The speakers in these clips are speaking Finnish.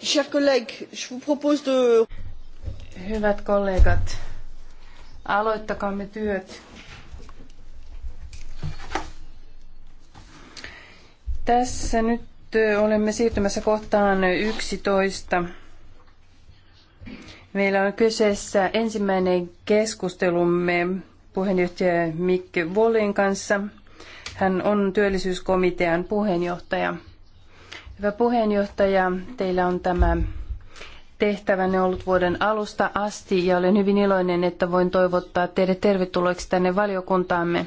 Chers collègues, je vous propose de... Hyvät kollegat, aloittakaamme työt. Tässä nyt olemme siirtymässä kohtaan 11. Meillä on kyseessä ensimmäinen keskustelumme puheenjohtaja Mikke Volin kanssa. Hän on työllisyyskomitean puheenjohtaja. Hyvä puheenjohtaja, teillä on tämä tehtävänne ollut vuoden alusta asti ja olen hyvin iloinen, että voin toivottaa teidät tervetulleeksi tänne valiokuntaamme.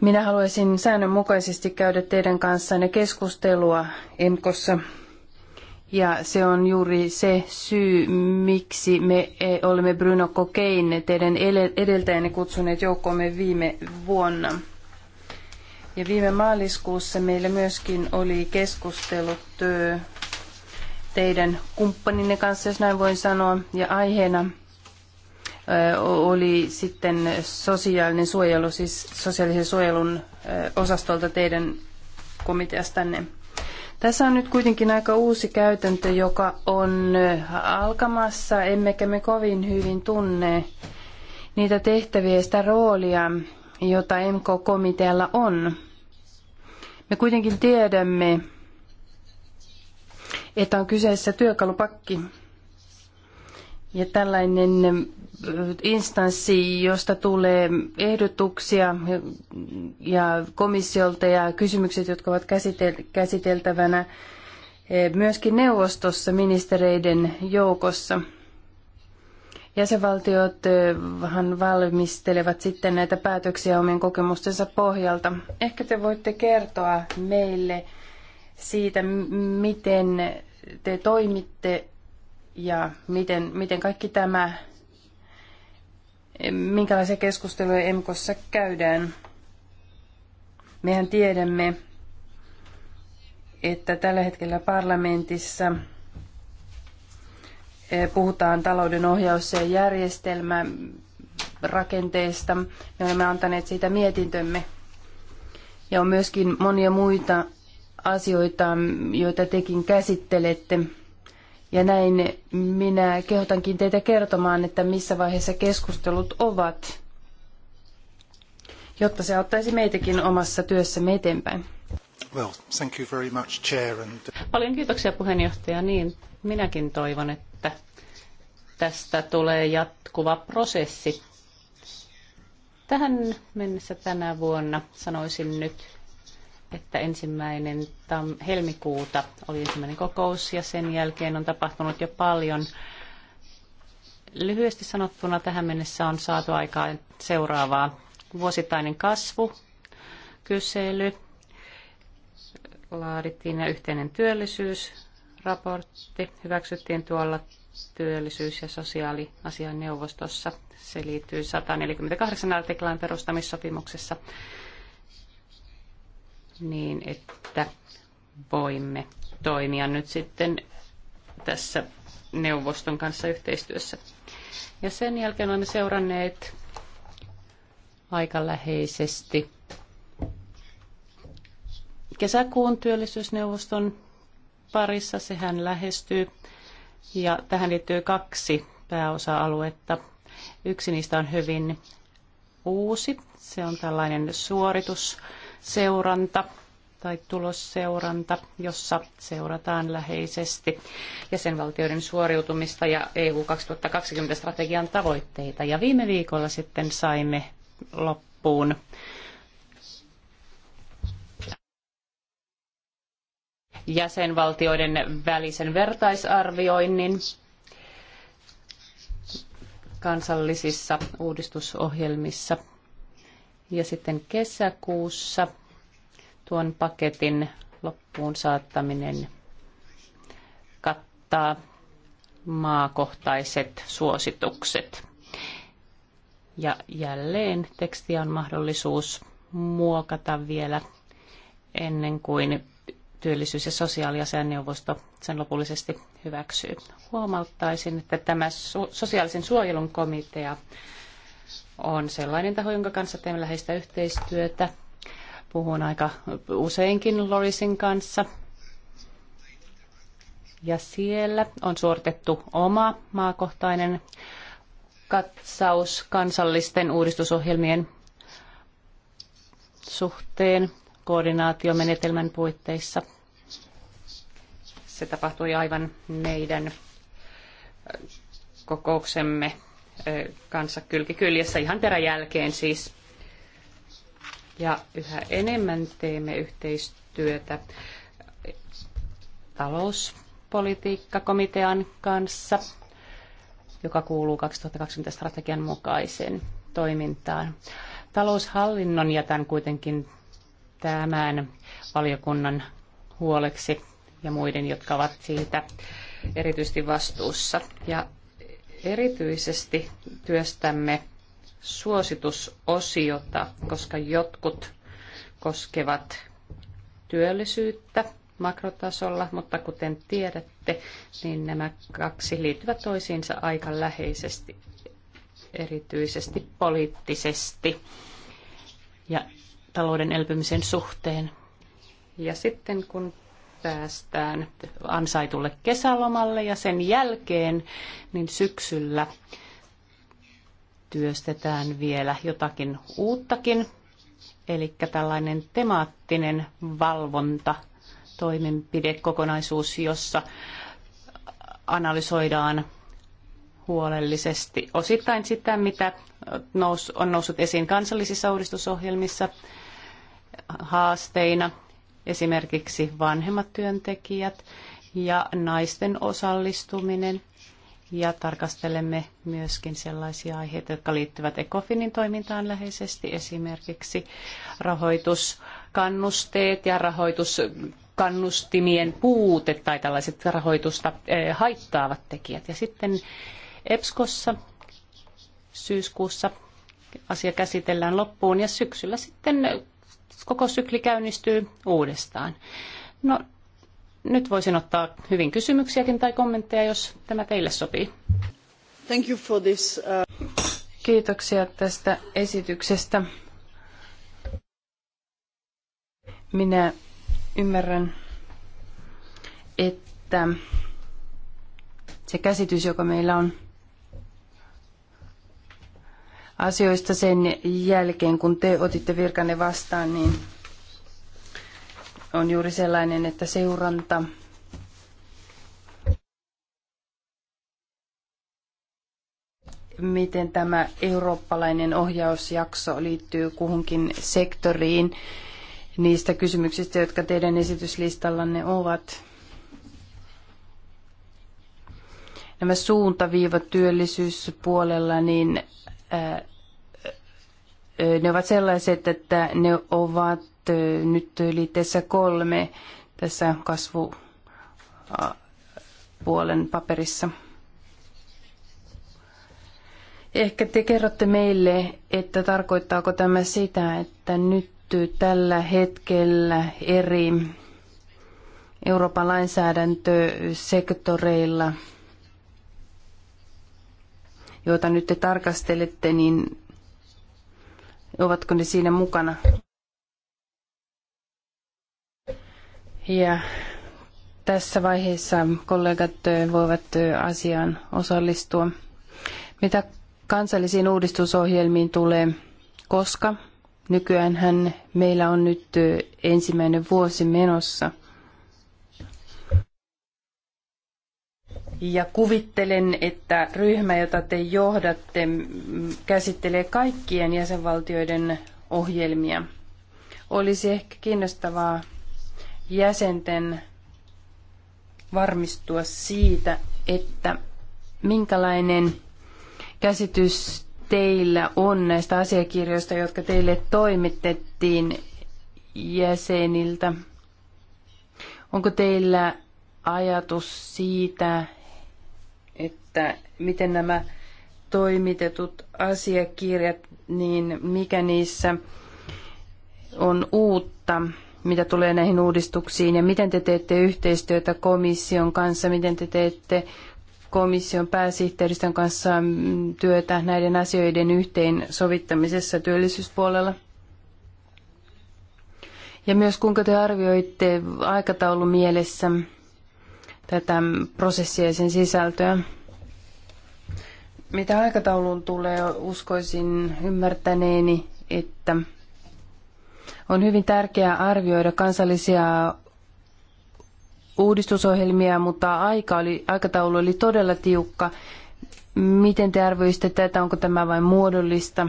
Minä haluaisin säännönmukaisesti käydä teidän kanssanne keskustelua Emkossa. Ja se on juuri se syy, miksi me e, olemme Bruno Kokein, teidän edeltäjänne kutsuneet joukkoomme viime vuonna. Ja viime maaliskuussa meillä myöskin oli keskustelut teidän kumppaninne kanssa, jos näin voin sanoa, ja aiheena oli sitten sosiaalinen suojelu, siis sosiaalisen suojelun osastolta teidän komiteastanne. Tässä on nyt kuitenkin aika uusi käytäntö, joka on alkamassa, emmekä me kovin hyvin tunne niitä tehtäviä ja sitä roolia, jota MK komitealla on. Me kuitenkin tiedämme, että on kyseessä työkalupakki. Ja tällainen äh, instanssi, josta tulee ehdotuksia ja komissiolta ja kysymykset, jotka ovat käsiteltävänä äh, myöskin neuvostossa ministereiden joukossa – Jäsenvaltiothan eh, valmistelevat sitten näitä päätöksiä omien kokemustensa pohjalta. Ehkä te voitte kertoa meille siitä, miten te toimitte ja miten, miten kaikki tämä, eh, minkälaisia keskusteluja EMKossa käydään. Mehän tiedämme, että tällä hetkellä parlamentissa – Eh, puhutaan talouden ohjaus- ja rakenteesta. Me olemme antaneet siitä mietintömme. Ja on myöskin monia muita asioita, joita tekin käsittelette. Ja näin minä kehotankin teitä kertomaan, että missä vaiheessa keskustelut ovat, jotta se auttaisi meitäkin omassa työssämme eteenpäin. Well, thank you very much, chair and... Paljon kiitoksia puheenjohtaja. Niin, minäkin toivon, että tästä tulee jatkuva prosessi. Tähän mennessä tänä vuonna sanoisin nyt, että ensimmäinen tam- helmikuuta oli ensimmäinen kokous ja sen jälkeen on tapahtunut jo paljon. Lyhyesti sanottuna tähän mennessä on saatu aikaan seuraavaa. Vuosittainen kasvu, kysely, laadittiin ja yhteinen työllisyys, raportti hyväksyttiin tuolla työllisyys- ja sosiaaliasian neuvostossa. Se liittyy 148 artiklaan perustamissopimuksessa niin, että voimme toimia nyt sitten tässä neuvoston kanssa yhteistyössä. Ja sen jälkeen olemme seuranneet aika läheisesti kesäkuun työllisyysneuvoston parissa. Sehän lähestyy ja tähän liittyy kaksi pääosa-aluetta. Yksi niistä on hyvin uusi. Se on tällainen suoritusseuranta tai tulosseuranta, jossa seurataan läheisesti jäsenvaltioiden suoriutumista ja EU 2020 strategian tavoitteita. Ja viime viikolla sitten saimme loppuun jäsenvaltioiden välisen vertaisarvioinnin kansallisissa uudistusohjelmissa. Ja sitten kesäkuussa tuon paketin loppuun saattaminen kattaa maakohtaiset suositukset. Ja jälleen tekstiä on mahdollisuus muokata vielä ennen kuin työllisyys- ja sosiaaliasianneuvosto sen lopullisesti hyväksyy. Huomauttaisin, että tämä sosiaalisen suojelun komitea on sellainen taho, jonka kanssa teemme läheistä yhteistyötä. Puhun aika useinkin Lorisin kanssa. Ja siellä on suoritettu oma maakohtainen katsaus kansallisten uudistusohjelmien suhteen koordinaatiomenetelmän puitteissa. Se tapahtui aivan meidän kokouksemme kanssa kylkikyljessä ihan peräjälkeen siis. Ja yhä enemmän teemme yhteistyötä talouspolitiikkakomitean kanssa, joka kuuluu 2020 strategian mukaiseen toimintaan. Taloushallinnon jätän kuitenkin tämän valiokunnan huoleksi ja muiden, jotka ovat siitä erityisesti vastuussa. Ja erityisesti työstämme suositusosiota, koska jotkut koskevat työllisyyttä makrotasolla, mutta kuten tiedätte, niin nämä kaksi liittyvät toisiinsa aika läheisesti, erityisesti poliittisesti ja talouden elpymisen suhteen. Ja sitten kun päästään ansaitulle kesälomalle ja sen jälkeen, niin syksyllä työstetään vielä jotakin uuttakin, eli tällainen temaattinen valvonta toimenpidekokonaisuus, jossa analysoidaan huolellisesti osittain sitä, mitä on noussut esiin kansallisissa uudistusohjelmissa haasteina esimerkiksi vanhemmat työntekijät ja naisten osallistuminen. Ja tarkastelemme myöskin sellaisia aiheita, jotka liittyvät ECOFINin toimintaan läheisesti, esimerkiksi rahoituskannusteet ja rahoituskannustimien puute tai tällaiset rahoitusta eh, haittaavat tekijät. Ja sitten EPSKossa syyskuussa asia käsitellään loppuun ja syksyllä sitten koko sykli käynnistyy uudestaan. No, nyt voisin ottaa hyvin kysymyksiäkin tai kommentteja, jos tämä teille sopii. Thank you for this, uh... Kiitoksia tästä esityksestä. Minä ymmärrän, että se käsitys, joka meillä on asioista sen jälkeen, kun te otitte virkanne vastaan, niin on juuri sellainen, että seuranta miten tämä eurooppalainen ohjausjakso liittyy kuhunkin sektoriin niistä kysymyksistä, jotka teidän esityslistallanne ovat. Nämä suuntaviivat työllisyyspuolella, niin ne ovat sellaiset, että ne ovat nyt liitteessä kolme tässä kasvupuolen paperissa. Ehkä te kerrotte meille, että tarkoittaako tämä sitä, että nyt tällä hetkellä eri Euroopan lainsäädäntösektoreilla – joita nyt te tarkastelette, niin ovatko ne siinä mukana? Ja tässä vaiheessa kollegat voivat asiaan osallistua. Mitä kansallisiin uudistusohjelmiin tulee, koska nykyään meillä on nyt ensimmäinen vuosi menossa – Ja kuvittelen, että ryhmä, jota te johdatte, käsittelee kaikkien jäsenvaltioiden ohjelmia. Olisi ehkä kiinnostavaa jäsenten varmistua siitä, että minkälainen käsitys teillä on näistä asiakirjoista, jotka teille toimitettiin jäseniltä? Onko teillä ajatus siitä, että miten nämä toimitetut asiakirjat, niin mikä niissä on uutta, mitä tulee näihin uudistuksiin ja miten te teette yhteistyötä komission kanssa, miten te teette komission pääsihteeristön kanssa mm, työtä näiden asioiden sovittamisessa työllisyyspuolella? Ja myös kuinka te arvioitte aikataulu mielessä tätä prosessia ja sen sisältöä? Mitä aikataulun tulee, uskoisin ymmärtäneeni, että on hyvin tärkeää arvioida kansallisia uudistusohjelmia, mutta aika oli, aikataulu oli todella tiukka. Miten te arvioisitte tätä, onko tämä vain muodollista?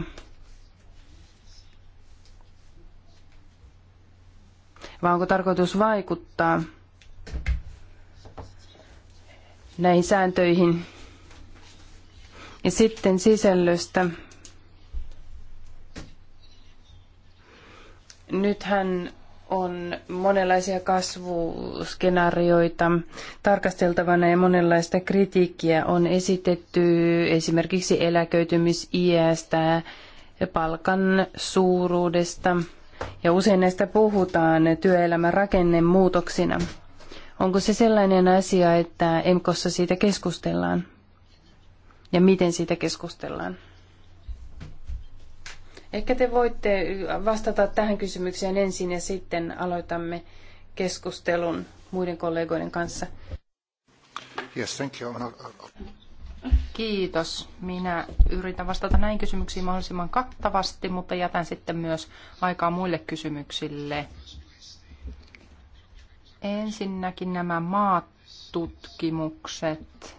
Vai onko tarkoitus vaikuttaa näihin sääntöihin? Ja sitten sisällöstä. Nythän on monenlaisia kasvuskenaarioita tarkasteltavana ja monenlaista kritiikkiä on esitetty esimerkiksi eläköitymisiästä, palkan suuruudesta ja usein näistä puhutaan työelämän rakennemuutoksina. Onko se sellainen asia, että EMKossa siitä keskustellaan? ja miten siitä keskustellaan. Ehkä te voitte vastata tähän kysymykseen ensin ja sitten aloitamme keskustelun muiden kollegoiden kanssa. Yes, thank you. Kiitos. Minä yritän vastata näin kysymyksiin mahdollisimman kattavasti, mutta jätän sitten myös aikaa muille kysymyksille. Ensinnäkin nämä maatutkimukset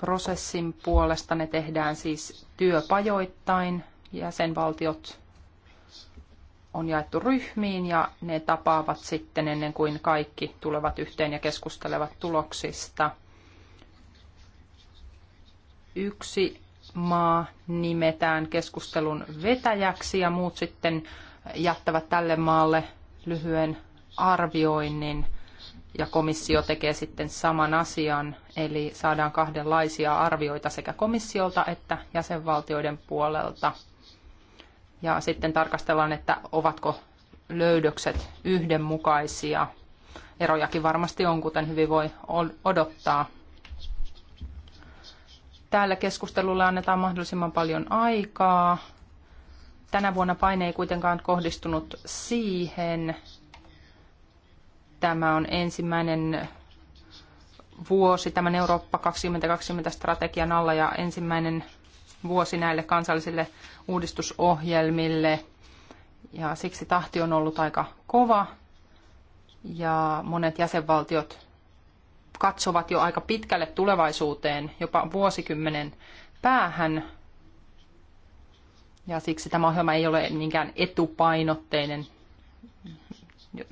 prosessin puolesta. Ne tehdään siis työpajoittain. Jäsenvaltiot on jaettu ryhmiin ja ne tapaavat sitten ennen kuin kaikki tulevat yhteen ja keskustelevat tuloksista. Yksi maa nimetään keskustelun vetäjäksi ja muut sitten jättävät tälle maalle lyhyen arvioinnin – ja komissio tekee sitten saman asian, eli saadaan kahdenlaisia arvioita sekä komissiolta että jäsenvaltioiden puolelta. Ja sitten tarkastellaan, että ovatko löydökset yhdenmukaisia. Erojakin varmasti on, kuten hyvin voi odottaa. Täällä keskustelulle annetaan mahdollisimman paljon aikaa. Tänä vuonna paine ei kuitenkaan kohdistunut siihen, Tämä on ensimmäinen vuosi tämän Eurooppa 2020 strategian alla ja ensimmäinen vuosi näille kansallisille uudistusohjelmille. Ja siksi tahti on ollut aika kova ja monet jäsenvaltiot katsovat jo aika pitkälle tulevaisuuteen, jopa vuosikymmenen päähän. Ja siksi tämä ohjelma ei ole niinkään etupainotteinen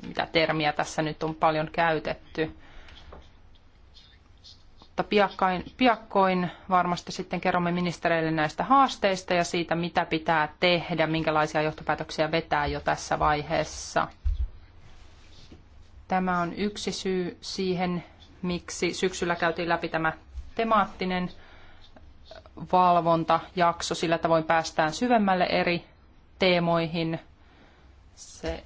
mitä termiä tässä nyt on paljon käytetty. Mutta piakkoin, piakkoin varmasti sitten kerromme ministereille näistä haasteista ja siitä, mitä pitää tehdä, minkälaisia johtopäätöksiä vetää jo tässä vaiheessa. Tämä on yksi syy siihen, miksi syksyllä käytiin läpi tämä temaattinen valvontajakso. Sillä tavoin päästään syvemmälle eri teemoihin. Se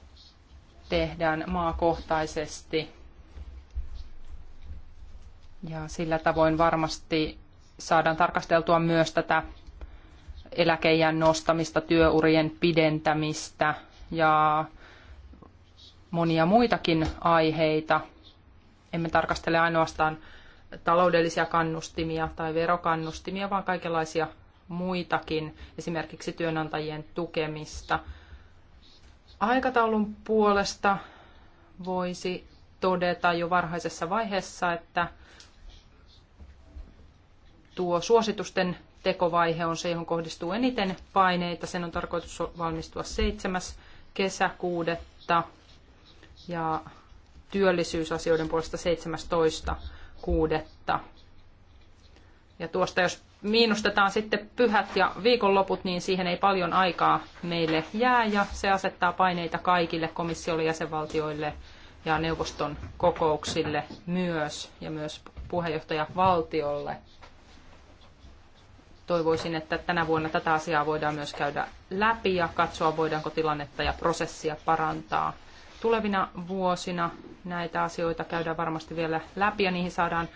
tehdään maakohtaisesti. Ja sillä tavoin varmasti saadaan tarkasteltua myös tätä eläkeijän nostamista, työurien pidentämistä ja monia muitakin aiheita. Emme tarkastele ainoastaan taloudellisia kannustimia tai verokannustimia, vaan kaikenlaisia muitakin, esimerkiksi työnantajien tukemista – Aikataulun puolesta voisi todeta jo varhaisessa vaiheessa, että tuo suositusten tekovaihe on se, johon kohdistuu eniten paineita. Sen on tarkoitus valmistua 7. kesäkuudetta ja työllisyysasioiden puolesta 17 kuudetta. Ja tuosta jos miinustetaan sitten pyhät ja viikonloput, niin siihen ei paljon aikaa meille jää ja se asettaa paineita kaikille komissiolle, jäsenvaltioille ja neuvoston kokouksille myös ja myös puheenjohtajavaltiolle. Toivoisin, että tänä vuonna tätä asiaa voidaan myös käydä läpi ja katsoa, voidaanko tilannetta ja prosessia parantaa. Tulevina vuosina näitä asioita käydään varmasti vielä läpi ja niihin saadaan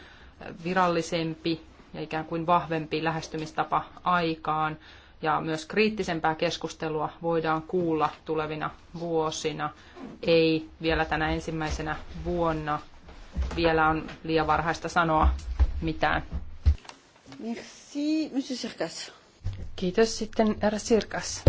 virallisempi ja ikään kuin vahvempi lähestymistapa aikaan ja myös kriittisempää keskustelua voidaan kuulla tulevina vuosina. Ei vielä tänä ensimmäisenä vuonna. Vielä on liian varhaista sanoa mitään. Merci, Monsieur Sirkas. Kiitos sitten, herra Sirkas.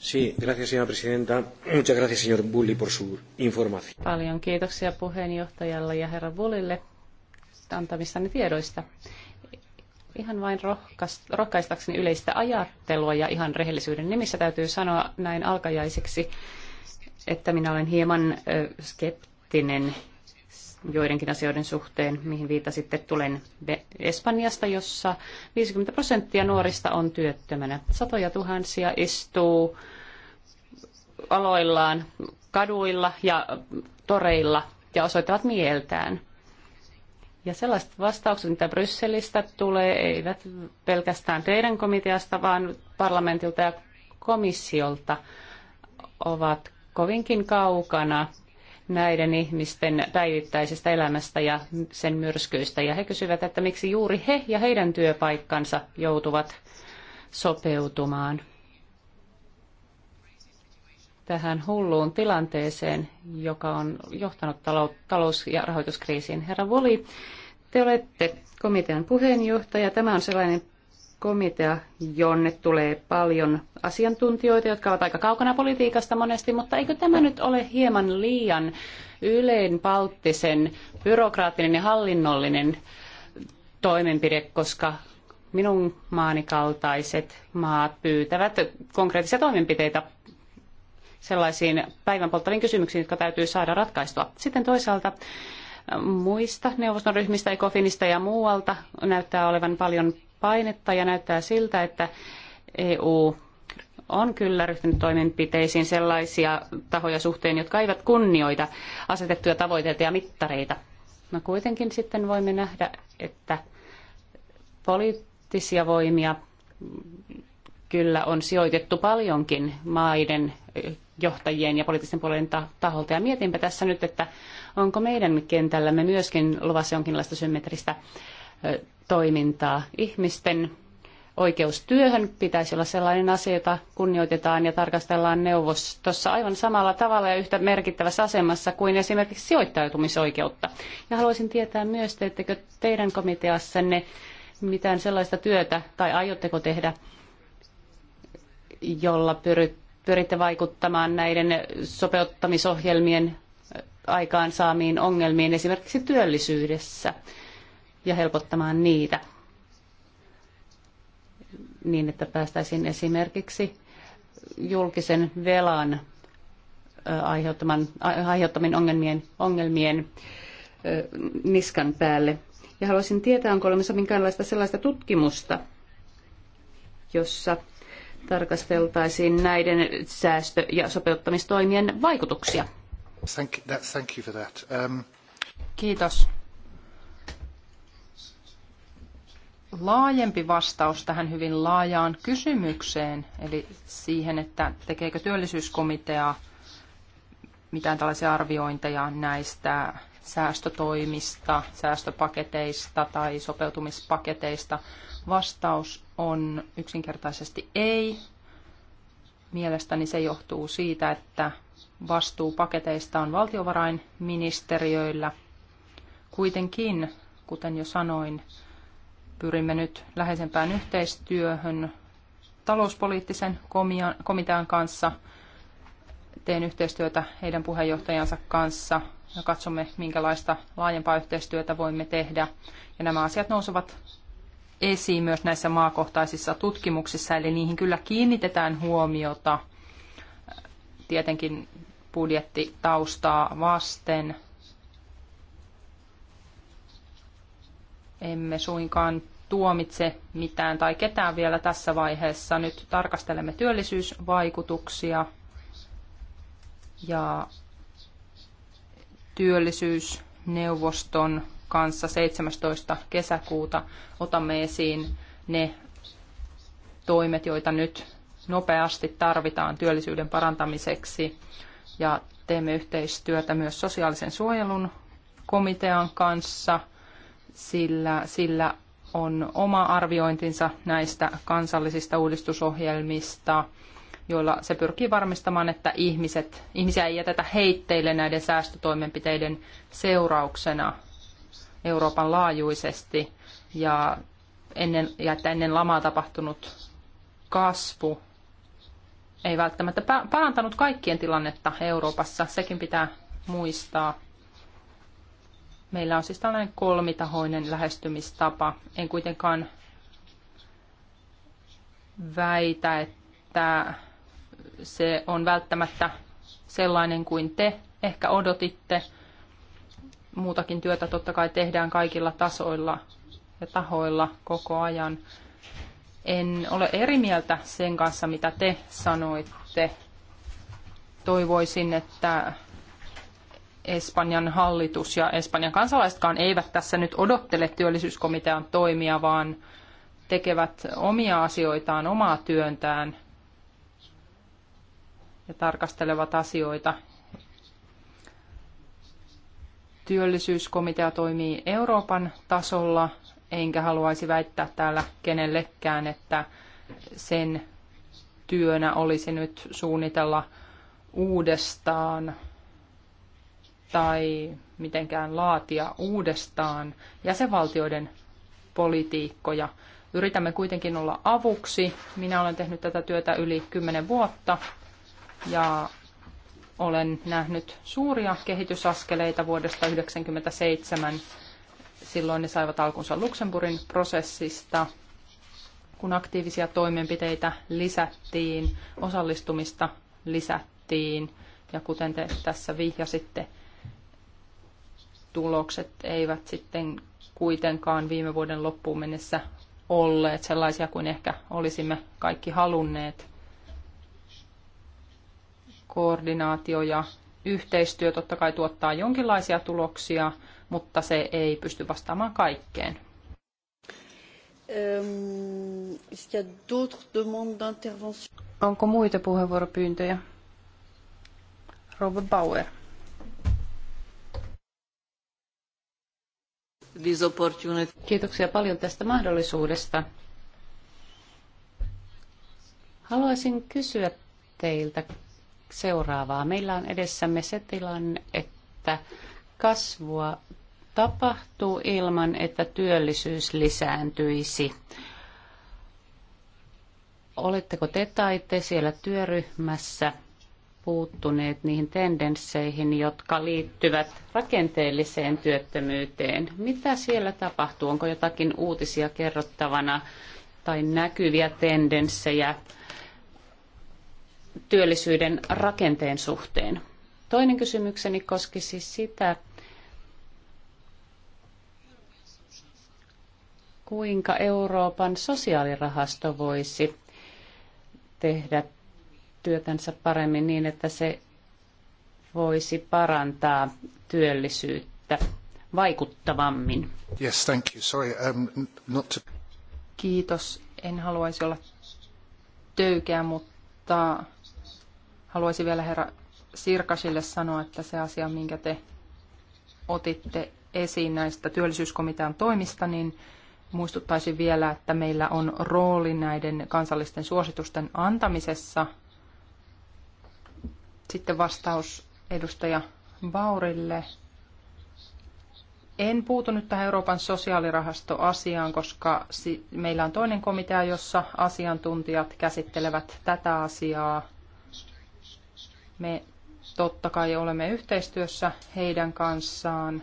Sí, gracias, señora presidenta. Muchas gracias, señor Bulli, por su información. Paljon kiitoksia puheenjohtajalle ja herra Bullille antamissani tiedoista. Ihan vain rohkaistakseni yleistä ajattelua ja ihan rehellisyyden nimissä täytyy sanoa näin alkajaiseksi, että minä olen hieman skeptinen joidenkin asioiden suhteen, mihin viitasitte, tulen Espanjasta, jossa 50 prosenttia nuorista on työttömänä. Satoja tuhansia istuu aloillaan, kaduilla ja toreilla ja osoittavat mieltään. Ja sellaiset vastaukset, mitä Brysselistä tulee, eivät pelkästään teidän komiteasta, vaan parlamentilta ja komissiolta ovat kovinkin kaukana näiden ihmisten päivittäisestä elämästä ja sen myrskyistä. Ja he kysyvät, että miksi juuri he ja heidän työpaikkansa joutuvat sopeutumaan tähän hulluun tilanteeseen, joka on johtanut talous- ja rahoituskriisiin. Herra Voli, te olette komitean puheenjohtaja. Tämä on sellainen komitea, jonne tulee paljon asiantuntijoita, jotka ovat aika kaukana politiikasta monesti, mutta eikö tämä nyt ole hieman liian yleinpalttisen byrokraattinen ja hallinnollinen toimenpide, koska minun maanikaltaiset maat pyytävät konkreettisia toimenpiteitä sellaisiin päivänpolttaviin kysymyksiin, jotka täytyy saada ratkaistua. Sitten toisaalta muista neuvoston ryhmistä, ECOFINista ja muualta näyttää olevan paljon painetta ja näyttää siltä, että EU on kyllä ryhtynyt toimenpiteisiin sellaisia tahoja suhteen, jotka eivät kunnioita asetettuja tavoitteita ja mittareita. No kuitenkin sitten voimme nähdä, että poliittisia voimia kyllä on sijoitettu paljonkin maiden johtajien ja poliittisten puolueiden taholta. Ja mietinpä tässä nyt, että onko meidän kentällämme myöskin luvassa jonkinlaista symmetristä toimintaa. Ihmisten oikeustyöhön pitäisi olla sellainen asia, jota kunnioitetaan ja tarkastellaan neuvostossa aivan samalla tavalla ja yhtä merkittävässä asemassa kuin esimerkiksi sijoittautumisoikeutta. Ja haluaisin tietää myös, teettekö teidän komiteassanne mitään sellaista työtä tai aiotteko tehdä, jolla pyrit, pyritte vaikuttamaan näiden sopeuttamisohjelmien aikaansaamiin ongelmiin esimerkiksi työllisyydessä ja helpottamaan niitä niin, että päästäisiin esimerkiksi julkisen velan aiheuttaman, aiheuttamien ongelmien, ongelmien niskan päälle. Ja haluaisin tietää, onko olemassa minkäänlaista sellaista tutkimusta, jossa tarkasteltaisiin näiden säästö- ja sopeuttamistoimien vaikutuksia. Um, Kiitos. Laajempi vastaus tähän hyvin laajaan kysymykseen, eli siihen, että tekeekö työllisyyskomitea mitään tällaisia arviointeja näistä säästötoimista, säästöpaketeista tai sopeutumispaketeista. Vastaus on yksinkertaisesti ei. Mielestäni se johtuu siitä, että vastuu paketeista on valtiovarainministeriöillä. Kuitenkin, kuten jo sanoin, pyrimme nyt läheisempään yhteistyöhön talouspoliittisen komitean kanssa. Teen yhteistyötä heidän puheenjohtajansa kanssa ja katsomme, minkälaista laajempaa yhteistyötä voimme tehdä. Ja nämä asiat nousevat esiin myös näissä maakohtaisissa tutkimuksissa, eli niihin kyllä kiinnitetään huomiota tietenkin budjettitaustaa vasten. Emme suinkaan tuomitse mitään tai ketään vielä tässä vaiheessa. Nyt tarkastelemme työllisyysvaikutuksia ja työllisyysneuvoston kanssa 17. kesäkuuta otamme esiin ne toimet, joita nyt nopeasti tarvitaan työllisyyden parantamiseksi ja teemme yhteistyötä myös sosiaalisen suojelun komitean kanssa, sillä, sillä on oma arviointinsa näistä kansallisista uudistusohjelmista, joilla se pyrkii varmistamaan, että ihmiset, ihmisiä ei jätetä heitteille näiden säästötoimenpiteiden seurauksena. Euroopan laajuisesti ja, ennen, ja että ennen lamaa tapahtunut kasvu ei välttämättä parantanut kaikkien tilannetta Euroopassa. Sekin pitää muistaa. Meillä on siis tällainen kolmitahoinen lähestymistapa. En kuitenkaan väitä, että se on välttämättä sellainen kuin te ehkä odotitte – muutakin työtä totta kai tehdään kaikilla tasoilla ja tahoilla koko ajan. En ole eri mieltä sen kanssa, mitä te sanoitte. Toivoisin, että Espanjan hallitus ja Espanjan kansalaisetkaan eivät tässä nyt odottele työllisyyskomitean toimia, vaan tekevät omia asioitaan, omaa työntään ja tarkastelevat asioita, työllisyyskomitea toimii Euroopan tasolla, enkä haluaisi väittää täällä kenellekään, että sen työnä olisi nyt suunnitella uudestaan tai mitenkään laatia uudestaan jäsenvaltioiden politiikkoja. Yritämme kuitenkin olla avuksi. Minä olen tehnyt tätä työtä yli kymmenen vuotta ja olen nähnyt suuria kehitysaskeleita vuodesta 1997. Silloin ne saivat alkunsa Luxemburgin prosessista, kun aktiivisia toimenpiteitä lisättiin, osallistumista lisättiin ja kuten te tässä vihjasitte, tulokset eivät sitten kuitenkaan viime vuoden loppuun mennessä olleet sellaisia kuin ehkä olisimme kaikki halunneet koordinaatio ja yhteistyö totta kai tuottaa jonkinlaisia tuloksia, mutta se ei pysty vastaamaan kaikkeen. Onko muita puheenvuoropyyntöjä? Robert Bauer. Kiitoksia paljon tästä mahdollisuudesta. Haluaisin kysyä teiltä seuraavaa. Meillä on edessämme se tilanne, että kasvua tapahtuu ilman, että työllisyys lisääntyisi. Oletteko te tai te siellä työryhmässä puuttuneet niihin tendensseihin, jotka liittyvät rakenteelliseen työttömyyteen? Mitä siellä tapahtuu? Onko jotakin uutisia kerrottavana tai näkyviä tendenssejä, työllisyyden rakenteen suhteen. Toinen kysymykseni koski siis sitä, kuinka Euroopan sosiaalirahasto voisi tehdä työtänsä paremmin niin, että se voisi parantaa työllisyyttä vaikuttavammin. Yes, thank you. Sorry, um, not to... Kiitos. En haluaisi olla töykeä, mutta Haluaisin vielä herra Sirkasille sanoa, että se asia, minkä te otitte esiin näistä työllisyyskomitean toimista, niin muistuttaisin vielä, että meillä on rooli näiden kansallisten suositusten antamisessa. Sitten vastaus edustaja Baurille. En puutu nyt tähän Euroopan sosiaalirahastoasiaan, koska meillä on toinen komitea, jossa asiantuntijat käsittelevät tätä asiaa me totta kai olemme yhteistyössä heidän kanssaan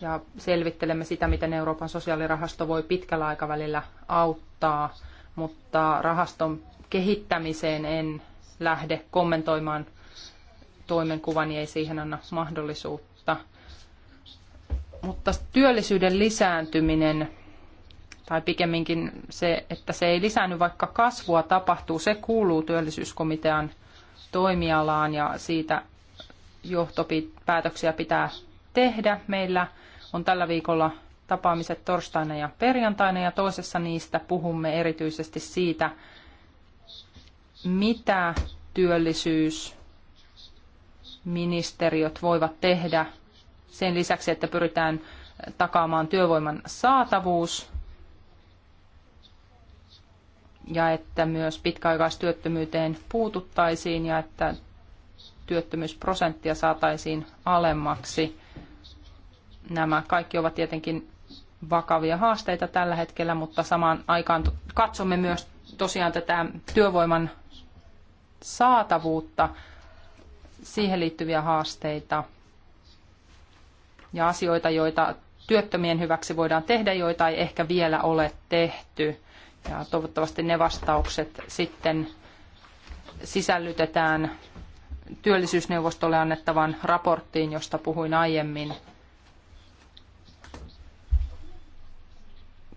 ja selvittelemme sitä, miten Euroopan sosiaalirahasto voi pitkällä aikavälillä auttaa, mutta rahaston kehittämiseen en lähde kommentoimaan toimenkuvani, niin ei siihen anna mahdollisuutta. Mutta työllisyyden lisääntyminen, tai pikemminkin se, että se ei lisäänny, vaikka kasvua tapahtuu, se kuuluu työllisyyskomitean toimialaan ja siitä johtopäätöksiä pitää tehdä. Meillä on tällä viikolla tapaamiset torstaina ja perjantaina ja toisessa niistä puhumme erityisesti siitä, mitä työllisyysministeriöt voivat tehdä sen lisäksi, että pyritään takaamaan työvoiman saatavuus ja että myös pitkäaikaistyöttömyyteen puututtaisiin ja että työttömyysprosenttia saataisiin alemmaksi. Nämä kaikki ovat tietenkin vakavia haasteita tällä hetkellä, mutta samaan aikaan katsomme myös tosiaan tätä työvoiman saatavuutta, siihen liittyviä haasteita ja asioita, joita työttömien hyväksi voidaan tehdä, joita ei ehkä vielä ole tehty ja toivottavasti ne vastaukset sitten sisällytetään työllisyysneuvostolle annettavan raporttiin, josta puhuin aiemmin.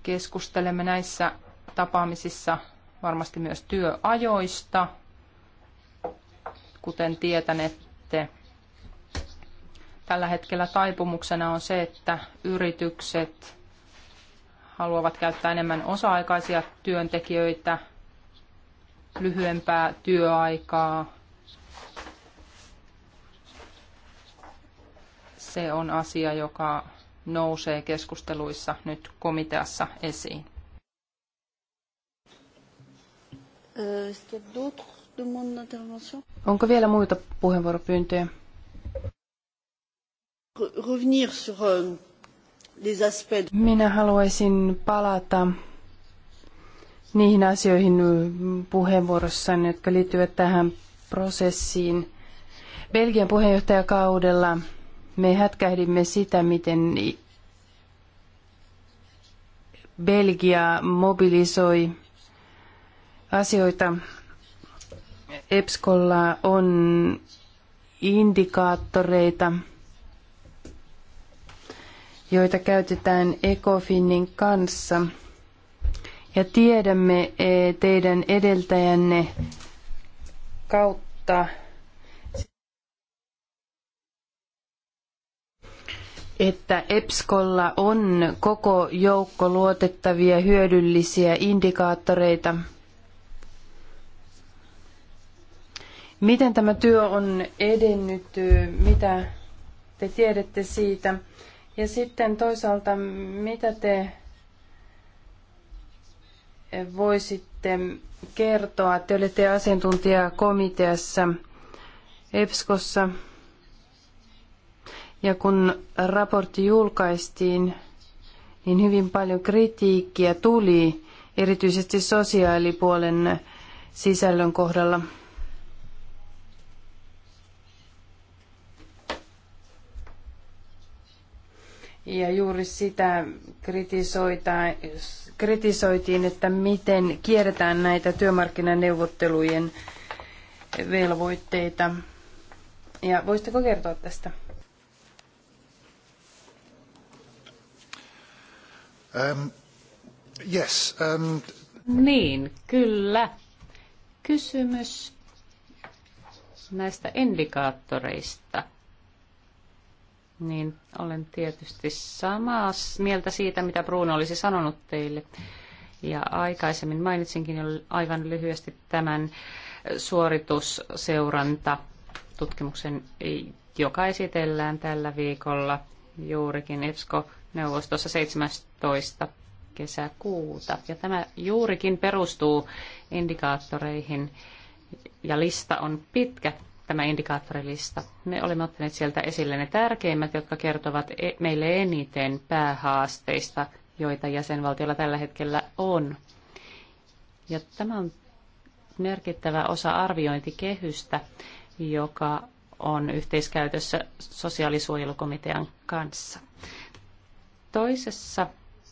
Keskustelemme näissä tapaamisissa varmasti myös työajoista, kuten tietänette. Tällä hetkellä taipumuksena on se, että yritykset haluavat käyttää enemmän osa-aikaisia työntekijöitä, lyhyempää työaikaa. Se on asia, joka nousee keskusteluissa nyt komiteassa esiin. Euh, Onko vielä muita puheenvuoropyyntöjä? Revenir sur euh, minä haluaisin palata niihin asioihin puheenvuorossanne, jotka liittyvät tähän prosessiin. Belgian puheenjohtajakaudella me hätkähdimme sitä, miten Belgia mobilisoi asioita. EPSKolla on indikaattoreita – joita käytetään ECOFINin kanssa. Ja tiedämme e, teidän edeltäjänne kautta, että EPSKolla on koko joukko luotettavia hyödyllisiä indikaattoreita. Miten tämä työ on edennyt? Mitä te tiedätte siitä? Ja sitten toisaalta, mitä te voisitte kertoa, te olette asiantuntijakomiteassa EPSKossa, ja kun raportti julkaistiin, niin hyvin paljon kritiikkiä tuli, erityisesti sosiaalipuolen sisällön kohdalla. Ja juuri sitä kritisoitiin, että miten kierretään näitä työmarkkinaneuvottelujen velvoitteita. Ja voisitteko kertoa tästä? Um, yes, um... Niin, kyllä. Kysymys näistä indikaattoreista – niin olen tietysti samaa mieltä siitä, mitä Bruno olisi sanonut teille. Ja aikaisemmin mainitsinkin jo aivan lyhyesti tämän suoritusseuranta tutkimuksen, joka esitellään tällä viikolla juurikin EPSCO-neuvostossa 17. kesäkuuta. Ja tämä juurikin perustuu indikaattoreihin ja lista on pitkä, tämä indikaattorilista. Me olemme ottaneet sieltä esille ne tärkeimmät, jotka kertovat e- meille eniten päähaasteista, joita jäsenvaltiolla tällä hetkellä on. Ja tämä on merkittävä osa arviointikehystä, joka on yhteiskäytössä sosiaalisuojelukomitean kanssa. Toisessa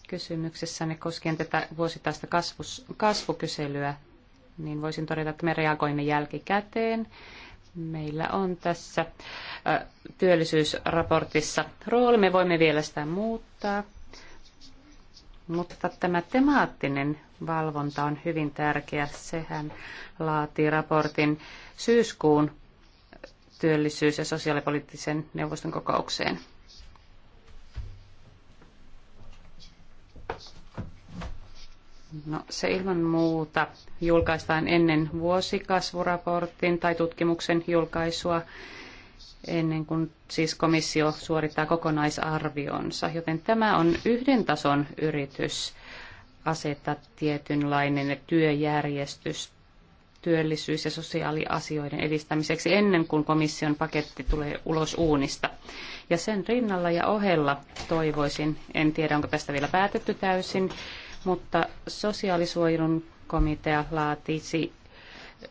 kysymyksessä ne koskien tätä vuosittaista kasvus, kasvukyselyä, niin voisin todeta, että me reagoimme jälkikäteen Meillä on tässä äh, työllisyysraportissa rooli. Me voimme vielä sitä muuttaa. Mutta tämä temaattinen valvonta on hyvin tärkeä. Sehän laatii raportin syyskuun työllisyys- ja sosiaalipoliittisen neuvoston kokoukseen. No, se ilman muuta julkaistaan ennen vuosikasvuraportin tai tutkimuksen julkaisua, ennen kuin siis komissio suorittaa kokonaisarvionsa. Joten tämä on yhden tason yritys asettaa tietynlainen työjärjestys työllisyys- ja sosiaaliasioiden edistämiseksi ennen kuin komission paketti tulee ulos uunista. Ja sen rinnalla ja ohella toivoisin, en tiedä onko tästä vielä päätetty täysin, mutta sosiaalisuojelun komitea laatisi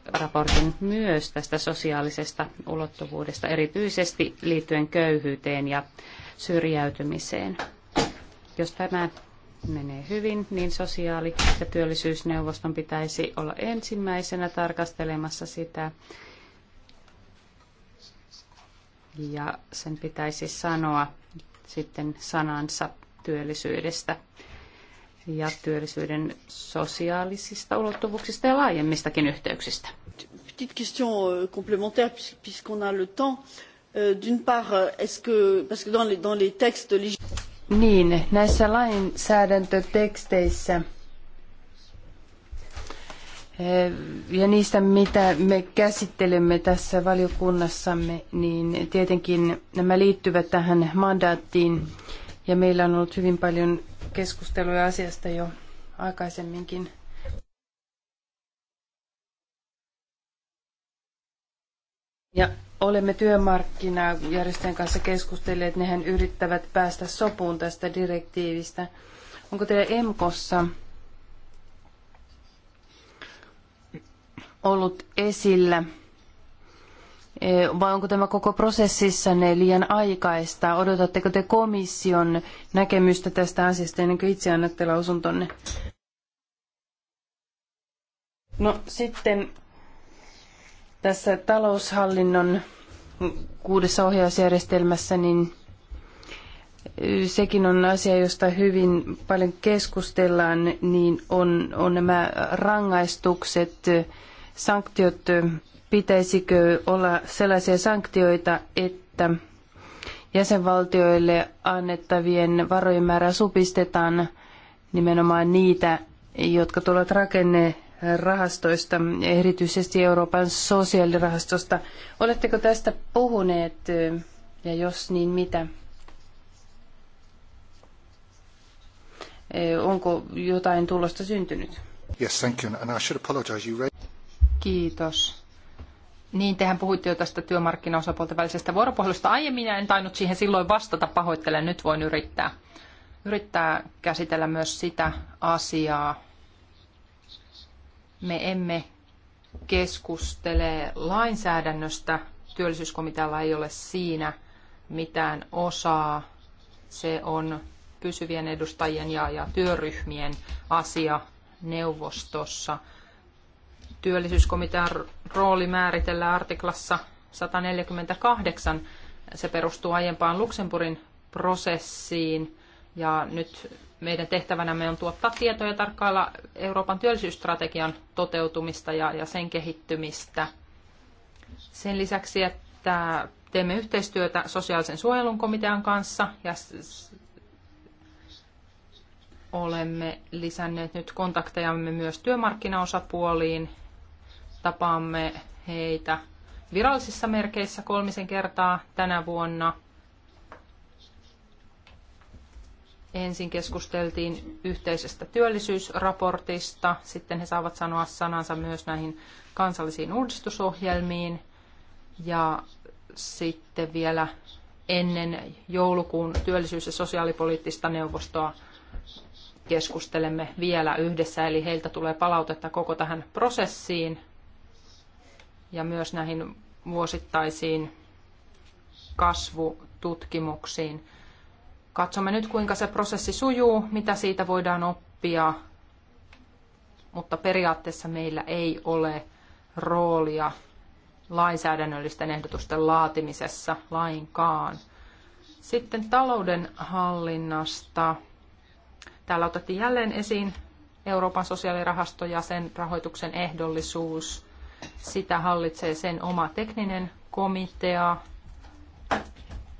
raportin myös tästä sosiaalisesta ulottuvuudesta, erityisesti liittyen köyhyyteen ja syrjäytymiseen. Jos tämä menee hyvin, niin sosiaali- ja työllisyysneuvoston pitäisi olla ensimmäisenä tarkastelemassa sitä. Ja sen pitäisi sanoa sitten sanansa työllisyydestä ja työllisyyden sosiaalisista ulottuvuuksista ja laajemmistakin yhteyksistä. Petite question euh, complémentaire puisqu'on a le temps. Euh, d'une part, euh, est-ce que parce que dans les dans les textes niin, näissä lainsäädäntöteksteissä eh, ja niistä, mitä me käsittelemme tässä valiokunnassamme, niin tietenkin nämä liittyvät tähän mandaattiin. Ja meillä on ollut hyvin paljon keskusteluja asiasta jo aikaisemminkin. Ja olemme työmarkkinajärjestöjen kanssa keskustelleet, nehän yrittävät päästä sopuun tästä direktiivistä. Onko teillä EMKossa ollut esillä Eh, vai onko tämä koko prosessissanne liian aikaista? Odotatteko te komission näkemystä tästä asiasta ennen kuin itse annatte lausuntonne? No sitten tässä taloushallinnon kuudessa ohjausjärjestelmässä, niin eh, sekin on asia, josta hyvin paljon keskustellaan, niin on, on nämä rangaistukset, eh, sanktiot pitäisikö olla sellaisia sanktioita, että jäsenvaltioille annettavien varojen määrä supistetaan nimenomaan niitä, jotka tulevat rakennerahastoista, rahastoista, erityisesti Euroopan sosiaalirahastosta. Oletteko tästä puhuneet ja jos niin mitä? Onko jotain tulosta syntynyt? Yes, thank you. And I should apologize. You Kiitos. Niin, tehän puhuitte jo tästä työmarkkinaosapuolten välisestä vuoropuhelusta aiemmin ja en tainnut siihen silloin vastata. Pahoittelen, nyt voin yrittää, yrittää käsitellä myös sitä asiaa. Me emme keskustele lainsäädännöstä. Työllisyyskomitealla ei ole siinä mitään osaa. Se on pysyvien edustajien ja, ja työryhmien asia neuvostossa – työllisyyskomitean rooli määritellään artiklassa 148. Se perustuu aiempaan Luxemburgin prosessiin ja nyt meidän tehtävänämme on tuottaa tietoja ja tarkkailla Euroopan työllisyysstrategian toteutumista ja, ja sen kehittymistä. Sen lisäksi, että teemme yhteistyötä sosiaalisen suojelun komitean kanssa ja olemme lisänneet nyt kontaktejamme myös työmarkkinaosapuoliin tapaamme heitä virallisissa merkeissä kolmisen kertaa tänä vuonna. Ensin keskusteltiin yhteisestä työllisyysraportista, sitten he saavat sanoa sanansa myös näihin kansallisiin uudistusohjelmiin ja sitten vielä ennen joulukuun työllisyys- ja sosiaalipoliittista neuvostoa keskustelemme vielä yhdessä, eli heiltä tulee palautetta koko tähän prosessiin ja myös näihin vuosittaisiin kasvututkimuksiin. Katsomme nyt, kuinka se prosessi sujuu, mitä siitä voidaan oppia, mutta periaatteessa meillä ei ole roolia lainsäädännöllisten ehdotusten laatimisessa lainkaan. Sitten talouden hallinnasta. Täällä otettiin jälleen esiin Euroopan sosiaalirahasto ja sen rahoituksen ehdollisuus. Sitä hallitsee sen oma tekninen komitea.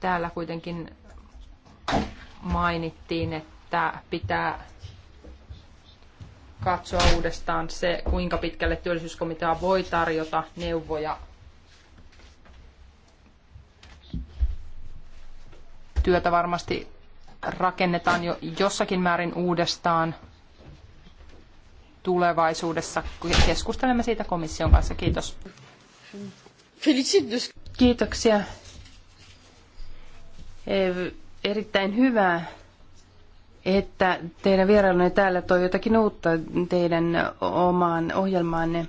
Täällä kuitenkin mainittiin, että pitää katsoa uudestaan se, kuinka pitkälle työllisyyskomitea voi tarjota neuvoja työtä varmasti rakennetaan jo jossakin määrin uudestaan, tulevaisuudessa. Keskustelemme siitä komission kanssa. Kiitos. Kiitoksia. Erittäin hyvää, että teidän vierailunne täällä toi jotakin uutta teidän omaan ohjelmaanne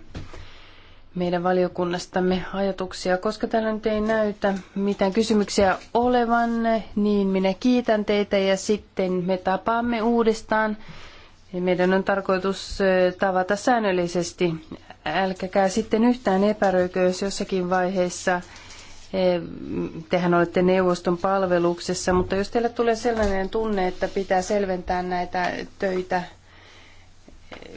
meidän valiokunnastamme ajatuksia. Koska täällä nyt ei näytä mitään kysymyksiä olevan, niin minä kiitän teitä ja sitten me tapaamme uudestaan meidän on tarkoitus tavata säännöllisesti. Älkäkää sitten yhtään epäröikö, jos jossakin vaiheessa tehän olette neuvoston palveluksessa, mutta jos teille tulee sellainen tunne, että pitää selventää näitä töitä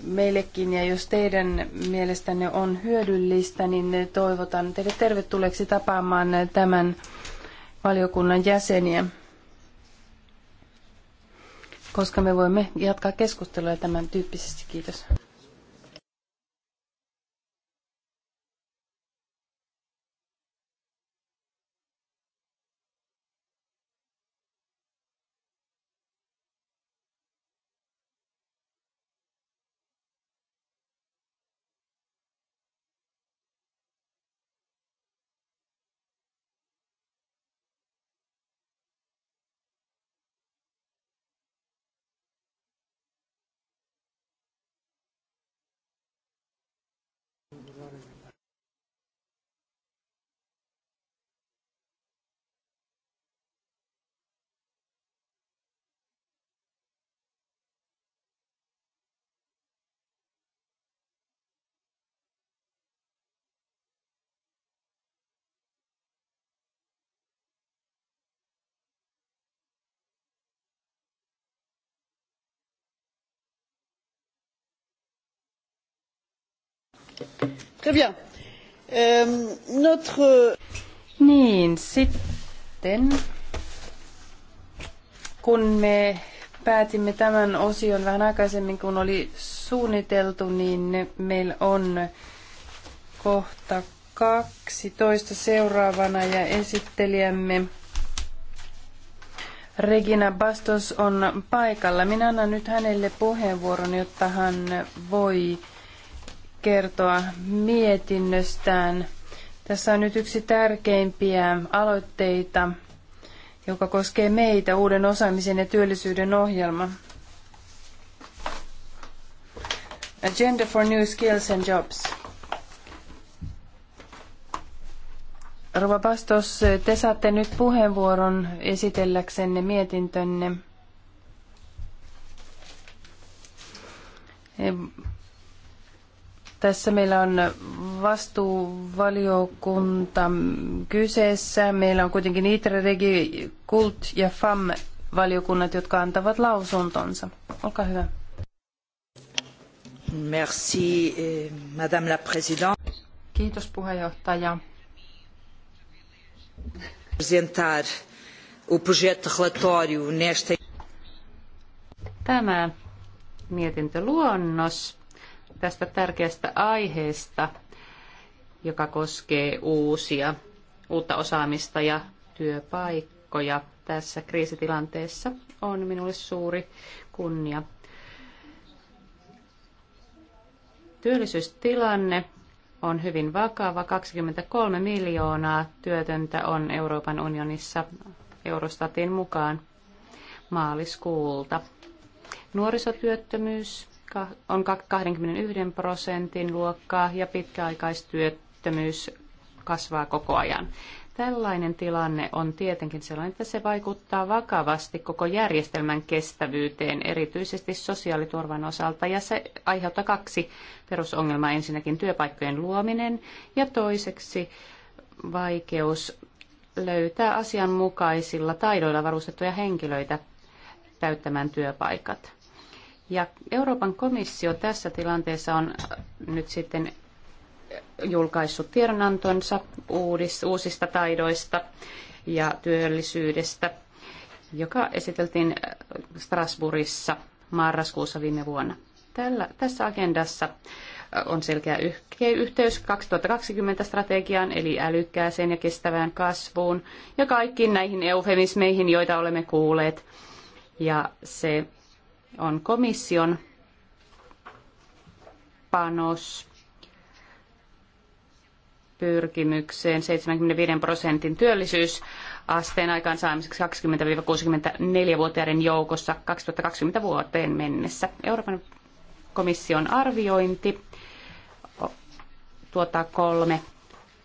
meillekin, ja jos teidän mielestänne on hyödyllistä, niin toivotan teille tervetulleeksi tapaamaan tämän valiokunnan jäseniä koska me voimme jatkaa keskustelua tämän tyyppisesti. Kiitos. Très bien. Euh, notre... Niin, sitten kun me päätimme tämän osion vähän aikaisemmin kuin oli suunniteltu, niin meillä on kohta 12 seuraavana ja esittelijämme Regina Bastos on paikalla. Minä annan nyt hänelle puheenvuoron, jotta hän voi kertoa mietinnöstään. Tässä on nyt yksi tärkeimpiä aloitteita, joka koskee meitä, uuden osaamisen ja työllisyyden ohjelma. Agenda for New Skills and Jobs. Rova Bastos, te saatte nyt puheenvuoron esitelläksenne mietintönne. Tässä meillä on vastuuvaliokunta kyseessä. Meillä on kuitenkin ITRE, Regi, KULT ja FAM-valiokunnat, jotka antavat lausuntonsa. Olkaa hyvä. Merci, eh, Madame la Présidente. Kiitos puheenjohtaja. Presentar o projeto relatório nesta... Tämä mietintöluonnos tästä tärkeästä aiheesta, joka koskee uusia, uutta osaamista ja työpaikkoja tässä kriisitilanteessa. On minulle suuri kunnia. Työllisyystilanne on hyvin vakava. 23 miljoonaa työtöntä on Euroopan unionissa Eurostatin mukaan maaliskuulta. Nuorisotyöttömyys on 21 prosentin luokkaa ja pitkäaikaistyöttömyys kasvaa koko ajan. Tällainen tilanne on tietenkin sellainen, että se vaikuttaa vakavasti koko järjestelmän kestävyyteen, erityisesti sosiaaliturvan osalta, ja se aiheuttaa kaksi perusongelmaa. Ensinnäkin työpaikkojen luominen ja toiseksi vaikeus löytää asianmukaisilla taidoilla varustettuja henkilöitä täyttämään työpaikat. Ja Euroopan komissio tässä tilanteessa on äh, nyt sitten julkaissut tiedonantonsa uusista taidoista ja työllisyydestä, joka esiteltiin äh, Strasbourgissa marraskuussa viime vuonna. Tällä, tässä agendassa äh, on selkeä yhteys 2020-strategiaan, eli älykkääseen ja kestävään kasvuun, ja kaikkiin näihin eufemismeihin, joita olemme kuulleet. Ja se on komission panos pyrkimykseen 75 prosentin työllisyysasteen aikaansaamiseksi 20-64-vuotiaiden joukossa 2020 vuoteen mennessä. Euroopan komission arviointi tuottaa kolme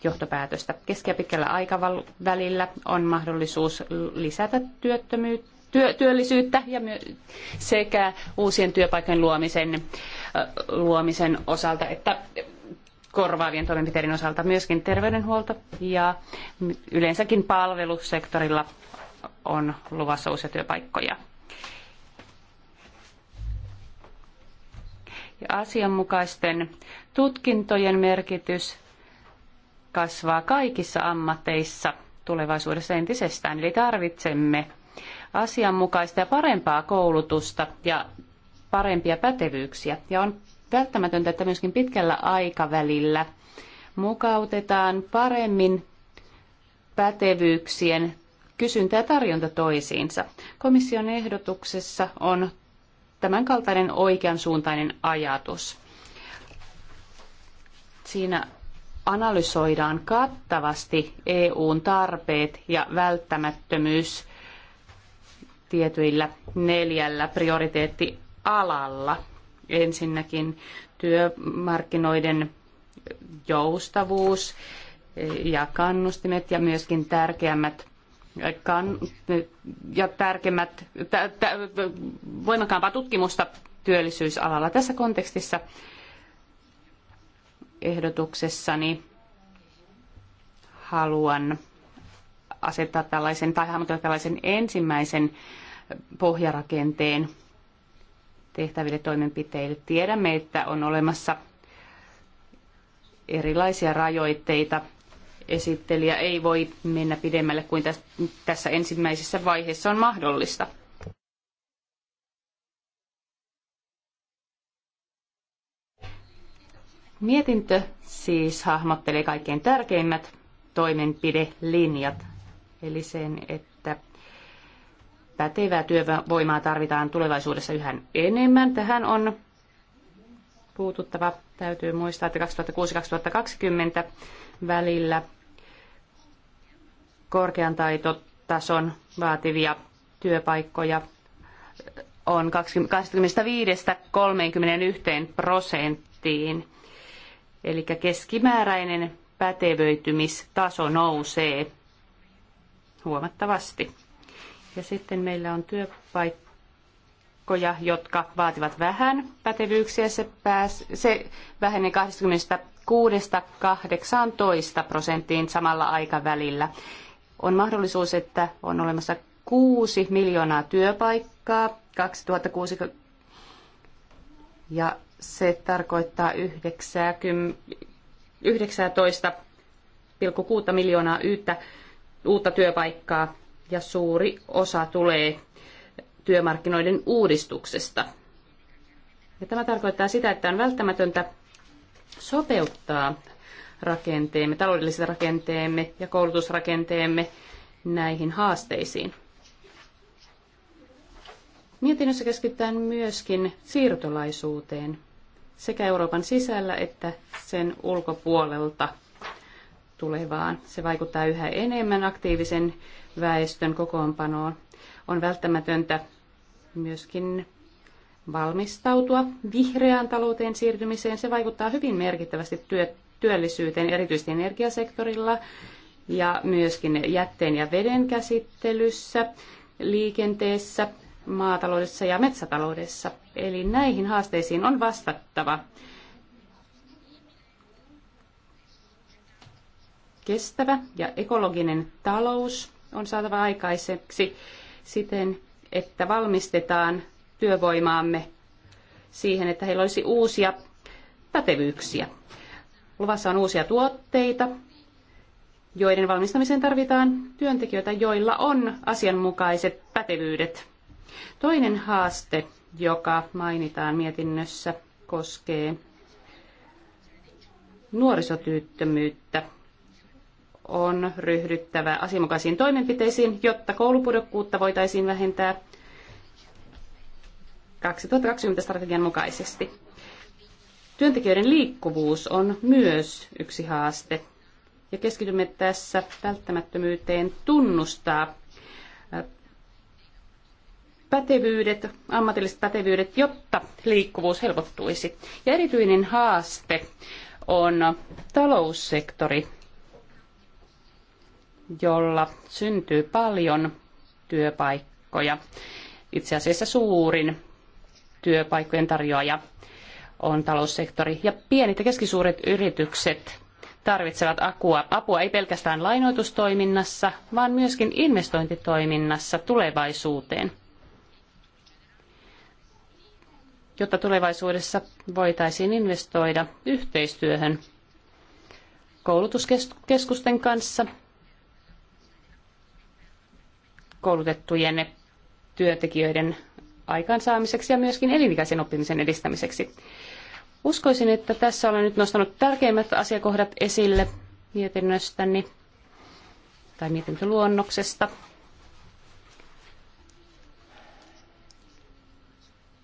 johtopäätöstä. Keski- ja pitkällä aikavälillä on mahdollisuus lisätä työttömyyttä työllisyyttä ja sekä uusien työpaikkojen luomisen, luomisen osalta että korvaavien toimenpiteiden osalta myöskin terveydenhuolto ja yleensäkin palvelusektorilla on luvassa uusia työpaikkoja. Ja asianmukaisten tutkintojen merkitys kasvaa kaikissa ammateissa tulevaisuudessa entisestään, eli tarvitsemme asianmukaista ja parempaa koulutusta ja parempia pätevyyksiä. Ja on välttämätöntä, että myöskin pitkällä aikavälillä mukautetaan paremmin pätevyyksien kysyntä ja tarjonta toisiinsa. Komission ehdotuksessa on tämän kaltainen oikean suuntainen ajatus. Siinä analysoidaan kattavasti EUn tarpeet ja välttämättömyys tietyillä neljällä prioriteettialalla. Ensinnäkin työmarkkinoiden joustavuus ja kannustimet ja myöskin tärkeämmät kan, ja tärkeimmät, voimakkaampaa tutkimusta työllisyysalalla. Tässä kontekstissa ehdotuksessani haluan asettaa tällaisen tai hahmotella tällaisen ensimmäisen pohjarakenteen tehtäville toimenpiteille. Tiedämme, että on olemassa erilaisia rajoitteita. Esittelijä ei voi mennä pidemmälle kuin tässä ensimmäisessä vaiheessa on mahdollista. Mietintö siis hahmottelee kaikkein tärkeimmät toimenpidelinjat, eli sen, että pätevää työvoimaa tarvitaan tulevaisuudessa yhä enemmän. Tähän on puututtava. Täytyy muistaa, että 2006-2020 välillä korkean taitotason vaativia työpaikkoja on 25-31 prosenttiin. Eli keskimääräinen pätevöitymistaso nousee huomattavasti. Ja sitten meillä on työpaikkoja, jotka vaativat vähän pätevyyksiä. Se, pääs, se vähenee 26-18 prosenttiin samalla aikavälillä. On mahdollisuus, että on olemassa 6 miljoonaa työpaikkaa 2060. ja se tarkoittaa 19,6 miljoonaa yhtä, uutta työpaikkaa ja suuri osa tulee työmarkkinoiden uudistuksesta. Ja tämä tarkoittaa sitä, että on välttämätöntä sopeuttaa rakenteemme, taloudelliset rakenteemme ja koulutusrakenteemme näihin haasteisiin. Mietinnössä keskitytään myöskin siirtolaisuuteen sekä Euroopan sisällä että sen ulkopuolelta tulevaan. Se vaikuttaa yhä enemmän aktiivisen väestön kokoonpanoon. On välttämätöntä myöskin valmistautua vihreään talouteen siirtymiseen. Se vaikuttaa hyvin merkittävästi työ, työllisyyteen, erityisesti energiasektorilla ja myöskin jätteen ja veden käsittelyssä, liikenteessä, maataloudessa ja metsätaloudessa. Eli näihin haasteisiin on vastattava. Kestävä ja ekologinen talous on saatava aikaiseksi siten, että valmistetaan työvoimaamme siihen, että heillä olisi uusia pätevyyksiä. Luvassa on uusia tuotteita, joiden valmistamiseen tarvitaan työntekijöitä, joilla on asianmukaiset pätevyydet. Toinen haaste, joka mainitaan mietinnössä, koskee nuorisotyyttömyyttä on ryhdyttävä asianmukaisiin toimenpiteisiin, jotta koulupudokkuutta voitaisiin vähentää 2020 strategian mukaisesti. Työntekijöiden liikkuvuus on myös yksi haaste, ja keskitymme tässä välttämättömyyteen tunnustaa pätevyydet, ammatilliset pätevyydet, jotta liikkuvuus helpottuisi. Ja erityinen haaste on taloussektori jolla syntyy paljon työpaikkoja. Itse asiassa suurin työpaikkojen tarjoaja on taloussektori. Ja pienet ja keskisuuret yritykset tarvitsevat apua. apua ei pelkästään lainoitustoiminnassa, vaan myöskin investointitoiminnassa tulevaisuuteen. Jotta tulevaisuudessa voitaisiin investoida yhteistyöhön koulutuskeskusten kanssa koulutettujen työntekijöiden aikaansaamiseksi ja myöskin elinikäisen oppimisen edistämiseksi. Uskoisin, että tässä olen nyt nostanut tärkeimmät asiakohdat esille mietinnöstäni tai mietintöluonnoksesta.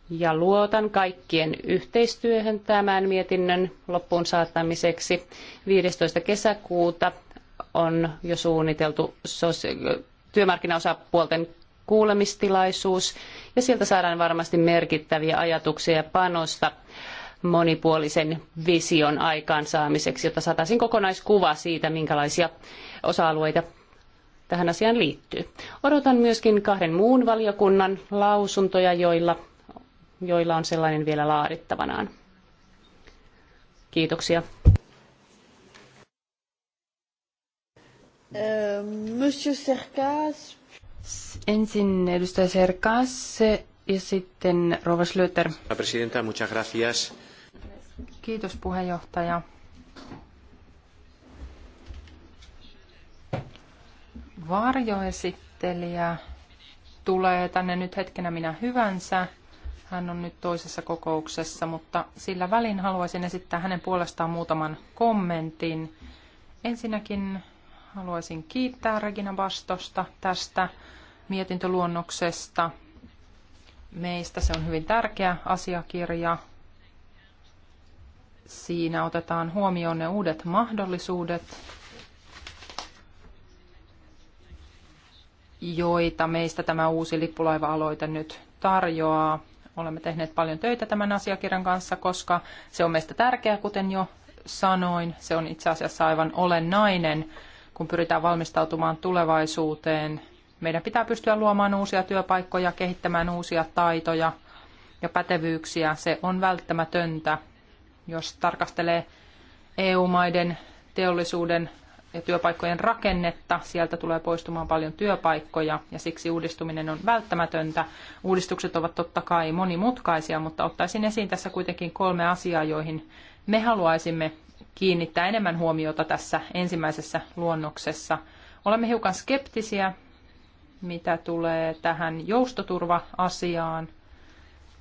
Ja luotan kaikkien yhteistyöhön tämän mietinnön loppuun saattamiseksi. 15. kesäkuuta on jo suunniteltu sosia- työmarkkinaosapuolten kuulemistilaisuus ja sieltä saadaan varmasti merkittäviä ajatuksia ja panosta monipuolisen vision aikaansaamiseksi, jotta saataisiin kokonaiskuva siitä, minkälaisia osa-alueita tähän asiaan liittyy. Odotan myöskin kahden muun valiokunnan lausuntoja, joilla, joilla on sellainen vielä laadittavanaan. Kiitoksia Äh, Monsieur Serkas. Ensin edustaja Serkas ja sitten Rova Schlöter. Presidenta, muchas gracias. Kiitos puheenjohtaja. Varjoesittelijä tulee tänne nyt hetkenä minä hyvänsä. Hän on nyt toisessa kokouksessa, mutta sillä välin haluaisin esittää hänen puolestaan muutaman kommentin. Ensinnäkin Haluaisin kiittää Regina Bastosta tästä mietintöluonnoksesta. Meistä se on hyvin tärkeä asiakirja. Siinä otetaan huomioon ne uudet mahdollisuudet, joita meistä tämä uusi lippulaiva-aloite nyt tarjoaa. Olemme tehneet paljon töitä tämän asiakirjan kanssa, koska se on meistä tärkeä, kuten jo sanoin. Se on itse asiassa aivan olennainen kun pyritään valmistautumaan tulevaisuuteen. Meidän pitää pystyä luomaan uusia työpaikkoja, kehittämään uusia taitoja ja pätevyyksiä. Se on välttämätöntä, jos tarkastelee EU-maiden teollisuuden ja työpaikkojen rakennetta. Sieltä tulee poistumaan paljon työpaikkoja ja siksi uudistuminen on välttämätöntä. Uudistukset ovat totta kai monimutkaisia, mutta ottaisin esiin tässä kuitenkin kolme asiaa, joihin me haluaisimme kiinnittää enemmän huomiota tässä ensimmäisessä luonnoksessa. Olemme hiukan skeptisiä, mitä tulee tähän joustoturva-asiaan.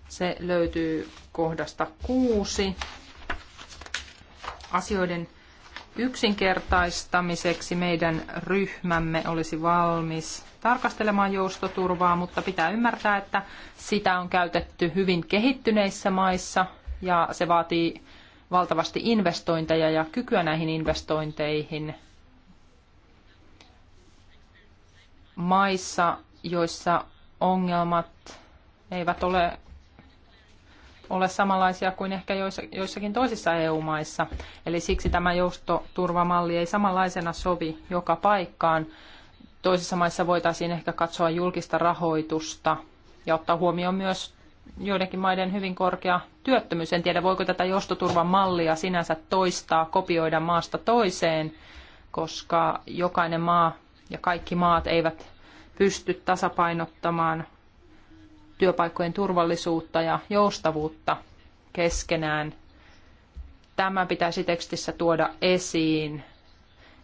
Se löytyy kohdasta kuusi. Asioiden yksinkertaistamiseksi meidän ryhmämme olisi valmis tarkastelemaan joustoturvaa, mutta pitää ymmärtää, että sitä on käytetty hyvin kehittyneissä maissa ja se vaatii valtavasti investointeja ja kykyä näihin investointeihin maissa, joissa ongelmat eivät ole, ole samanlaisia kuin ehkä joissakin toisissa EU-maissa. Eli siksi tämä joustoturvamalli ei samanlaisena sovi joka paikkaan. Toisissa maissa voitaisiin ehkä katsoa julkista rahoitusta ja ottaa huomioon myös joidenkin maiden hyvin korkea työttömyys. En tiedä, voiko tätä jostoturvan mallia sinänsä toistaa, kopioida maasta toiseen, koska jokainen maa ja kaikki maat eivät pysty tasapainottamaan työpaikkojen turvallisuutta ja joustavuutta keskenään. Tämä pitäisi tekstissä tuoda esiin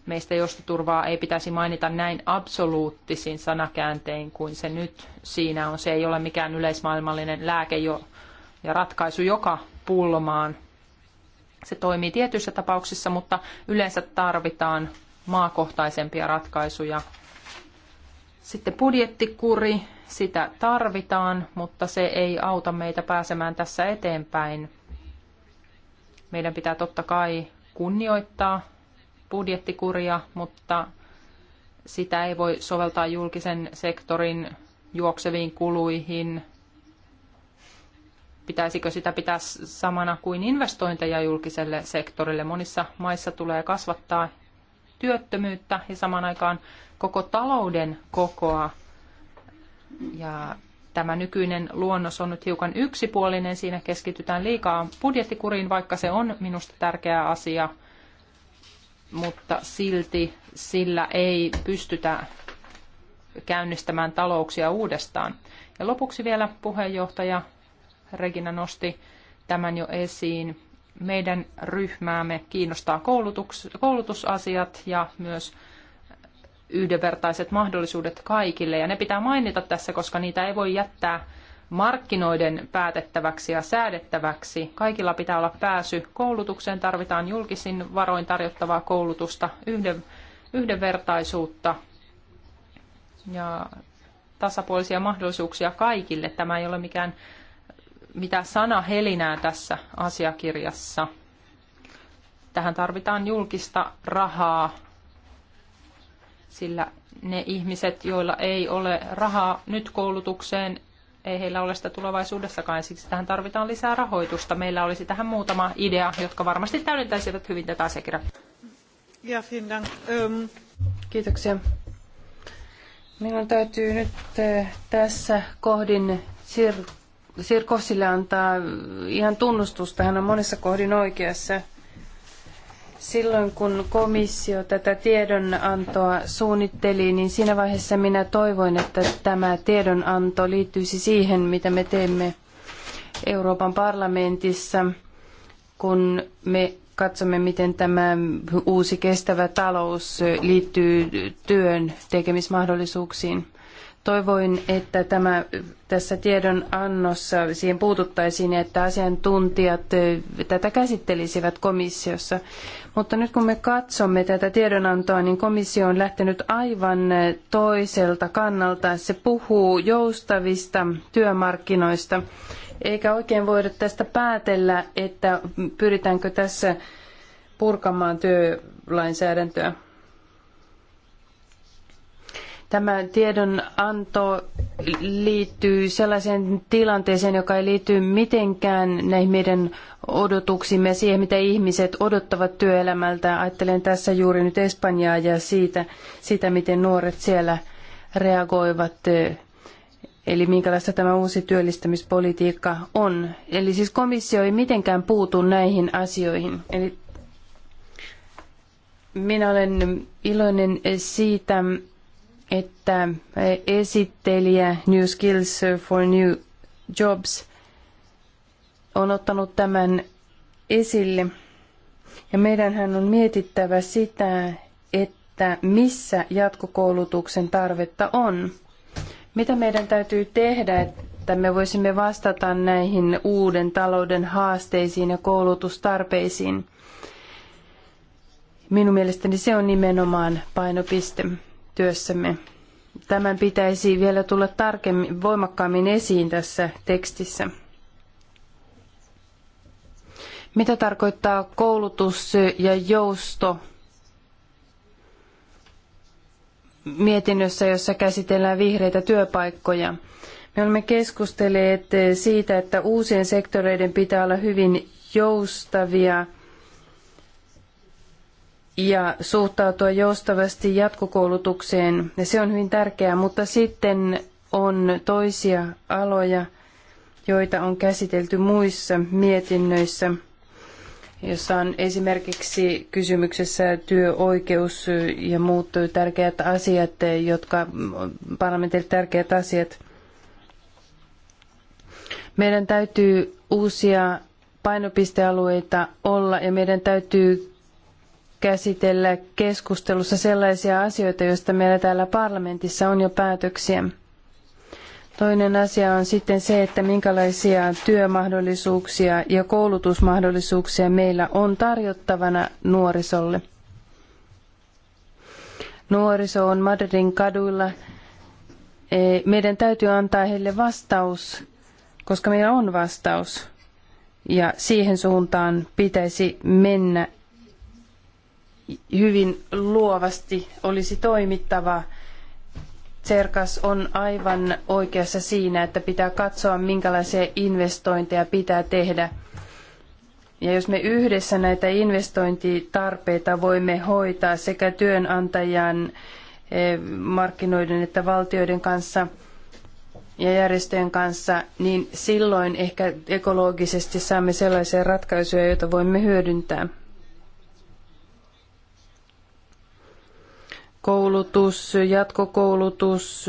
Meistä joustoturvaa ei pitäisi mainita näin absoluuttisin sanakääntein kuin se nyt siinä on. Se ei ole mikään yleismaailmallinen lääke jo, ja ratkaisu joka pulmaan. Se toimii tietyissä tapauksissa, mutta yleensä tarvitaan maakohtaisempia ratkaisuja. Sitten budjettikuri, sitä tarvitaan, mutta se ei auta meitä pääsemään tässä eteenpäin. Meidän pitää totta kai kunnioittaa budjettikuria, mutta sitä ei voi soveltaa julkisen sektorin juokseviin kuluihin. Pitäisikö sitä pitää samana kuin investointeja julkiselle sektorille? Monissa maissa tulee kasvattaa työttömyyttä ja saman aikaan koko talouden kokoa. Ja tämä nykyinen luonnos on nyt hiukan yksipuolinen, siinä keskitytään liikaa budjettikuriin, vaikka se on minusta tärkeä asia – mutta silti sillä ei pystytä käynnistämään talouksia uudestaan. Ja lopuksi vielä puheenjohtaja Regina nosti tämän jo esiin. Meidän ryhmäämme kiinnostaa koulutus, koulutusasiat ja myös yhdenvertaiset mahdollisuudet kaikille. Ja ne pitää mainita tässä, koska niitä ei voi jättää markkinoiden päätettäväksi ja säädettäväksi. Kaikilla pitää olla pääsy koulutukseen, tarvitaan julkisin varoin tarjottavaa koulutusta, yhden, yhdenvertaisuutta ja tasapuolisia mahdollisuuksia kaikille. Tämä ei ole mikään mitä sana helinää tässä asiakirjassa. Tähän tarvitaan julkista rahaa, sillä ne ihmiset, joilla ei ole rahaa nyt koulutukseen, ei heillä ole sitä tulevaisuudessakaan, ja siksi tähän tarvitaan lisää rahoitusta. Meillä olisi tähän muutama idea, jotka varmasti täydentäisivät hyvin tätä asiakirjaa. Ja, dank. Um... Kiitoksia. Minun täytyy nyt äh, tässä kohdin Sir, Sir Kossille antaa ihan tunnustusta. Hän on monessa kohdin oikeassa. Silloin kun komissio tätä tiedonantoa suunnitteli, niin siinä vaiheessa minä toivoin, että tämä tiedonanto liittyisi siihen, mitä me teemme Euroopan parlamentissa, kun me katsomme, miten tämä uusi kestävä talous liittyy työn tekemismahdollisuuksiin. Toivoin, että tämä, tässä tiedon annossa siihen puututtaisiin, että asiantuntijat tätä käsittelisivät komissiossa. Mutta nyt kun me katsomme tätä tiedonantoa, niin komissio on lähtenyt aivan toiselta kannalta. Se puhuu joustavista työmarkkinoista, eikä oikein voida tästä päätellä, että pyritäänkö tässä purkamaan työlainsäädäntöä. Tämä tiedonanto liittyy sellaiseen tilanteeseen, joka ei liity mitenkään näihin meidän odotuksimme siihen, mitä ihmiset odottavat työelämältä. Ajattelen tässä juuri nyt Espanjaa ja siitä, sitä, miten nuoret siellä reagoivat, eli minkälaista tämä uusi työllistämispolitiikka on. Eli siis komissio ei mitenkään puutu näihin asioihin. Eli minä olen iloinen siitä, että esittelijä New Skills for New Jobs on ottanut tämän esille. Ja meidänhän on mietittävä sitä, että missä jatkokoulutuksen tarvetta on. Mitä meidän täytyy tehdä, että me voisimme vastata näihin uuden talouden haasteisiin ja koulutustarpeisiin? Minun mielestäni se on nimenomaan painopiste työssämme. Tämän pitäisi vielä tulla tarkemmin, voimakkaammin esiin tässä tekstissä. Mitä tarkoittaa koulutus ja jousto mietinnössä, jossa käsitellään vihreitä työpaikkoja? Me olemme keskustelleet siitä, että uusien sektoreiden pitää olla hyvin joustavia – ja suhtautua joustavasti jatkokoulutukseen. Ja se on hyvin tärkeää, mutta sitten on toisia aloja, joita on käsitelty muissa mietinnöissä, jossa on esimerkiksi kysymyksessä työoikeus ja muut tärkeät asiat, jotka parlamentille tärkeät asiat. Meidän täytyy uusia painopistealueita olla ja meidän täytyy käsitellä keskustelussa sellaisia asioita, joista meillä täällä parlamentissa on jo päätöksiä. Toinen asia on sitten se, että minkälaisia työmahdollisuuksia ja koulutusmahdollisuuksia meillä on tarjottavana nuorisolle. Nuoriso on Madridin kaduilla. E, meidän täytyy antaa heille vastaus, koska meillä on vastaus. Ja siihen suuntaan pitäisi mennä hyvin luovasti olisi toimittava. Tserkas on aivan oikeassa siinä, että pitää katsoa, minkälaisia investointeja pitää tehdä. Ja jos me yhdessä näitä investointitarpeita voimme hoitaa sekä työnantajan eh, markkinoiden että valtioiden kanssa ja järjestöjen kanssa, niin silloin ehkä ekologisesti saamme sellaisia ratkaisuja, joita voimme hyödyntää. koulutus, jatkokoulutus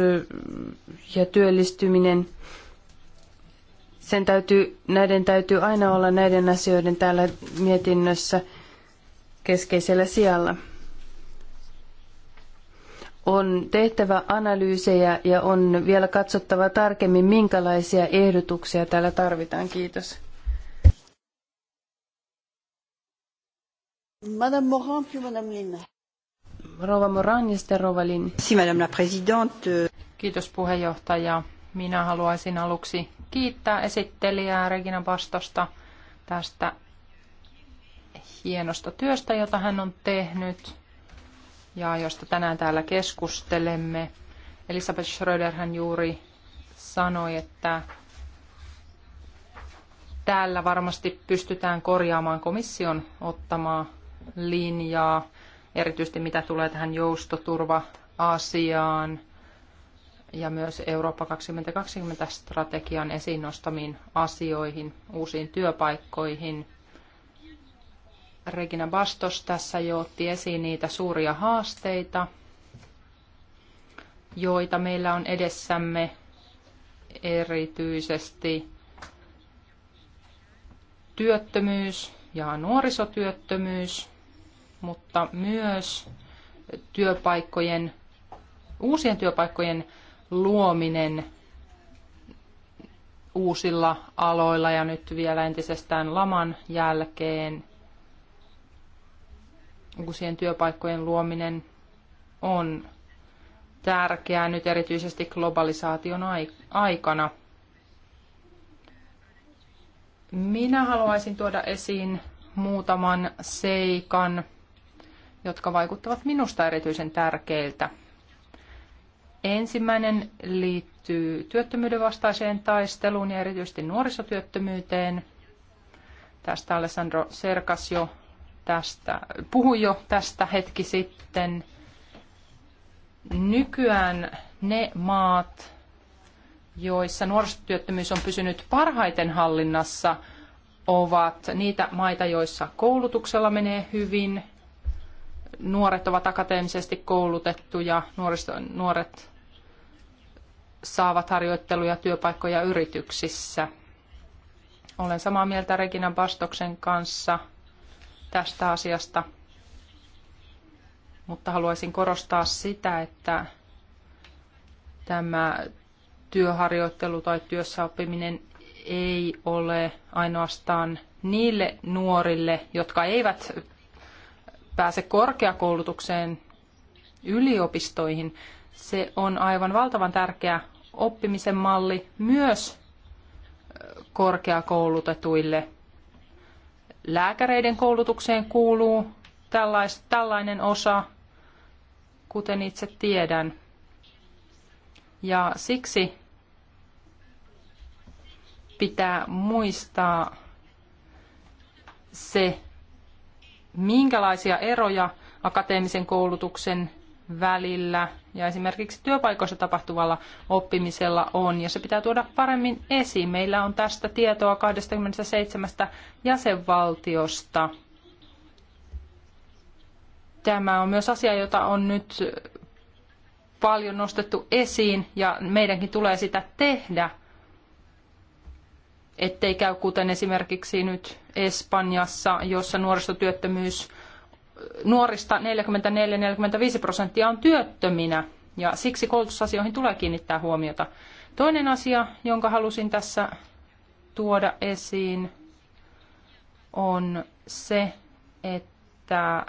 ja työllistyminen. Sen täytyy, näiden täytyy aina olla näiden asioiden täällä mietinnössä keskeisellä sijalla. On tehtävä analyysejä ja on vielä katsottava tarkemmin, minkälaisia ehdotuksia täällä tarvitaan. Kiitos. Madame Morin, puis Madame Lina. Rova Moran Kiitos puheenjohtaja. Minä haluaisin aluksi kiittää esittelijää Regina Bastosta tästä hienosta työstä, jota hän on tehnyt ja josta tänään täällä keskustelemme. Elisabeth Schröder hän juuri sanoi, että täällä varmasti pystytään korjaamaan komission ottamaa linjaa erityisesti mitä tulee tähän joustoturva-asiaan ja myös Eurooppa 2020-strategian esiin nostamiin asioihin, uusiin työpaikkoihin. Regina Bastos tässä jo otti esiin niitä suuria haasteita, joita meillä on edessämme erityisesti työttömyys ja nuorisotyöttömyys mutta myös työpaikkojen, uusien työpaikkojen luominen uusilla aloilla ja nyt vielä entisestään laman jälkeen uusien työpaikkojen luominen on tärkeää nyt erityisesti globalisaation aikana. Minä haluaisin tuoda esiin muutaman seikan, jotka vaikuttavat minusta erityisen tärkeiltä. Ensimmäinen liittyy työttömyyden vastaiseen taisteluun ja erityisesti nuorisotyöttömyyteen. Tästä Alessandro Serkas jo tästä, puhui jo tästä hetki sitten. Nykyään ne maat, joissa nuorisotyöttömyys on pysynyt parhaiten hallinnassa, ovat niitä maita, joissa koulutuksella menee hyvin, nuoret ovat akateemisesti koulutettuja, nuoret saavat harjoitteluja työpaikkoja yrityksissä. Olen samaa mieltä Regina Bastoksen kanssa tästä asiasta, mutta haluaisin korostaa sitä, että tämä työharjoittelu tai työssäoppiminen ei ole ainoastaan niille nuorille, jotka eivät pääse korkeakoulutukseen yliopistoihin, se on aivan valtavan tärkeä oppimisen malli myös korkeakoulutetuille. Lääkäreiden koulutukseen kuuluu tällais, tällainen osa, kuten itse tiedän. Ja siksi pitää muistaa se, minkälaisia eroja akateemisen koulutuksen välillä ja esimerkiksi työpaikoissa tapahtuvalla oppimisella on, ja se pitää tuoda paremmin esiin. Meillä on tästä tietoa 27 jäsenvaltiosta. Tämä on myös asia, jota on nyt paljon nostettu esiin, ja meidänkin tulee sitä tehdä ettei käy kuten esimerkiksi nyt Espanjassa, jossa nuorisotyöttömyys nuorista 44-45 prosenttia on työttöminä ja siksi koulutusasioihin tulee kiinnittää huomiota. Toinen asia, jonka halusin tässä tuoda esiin, on se, että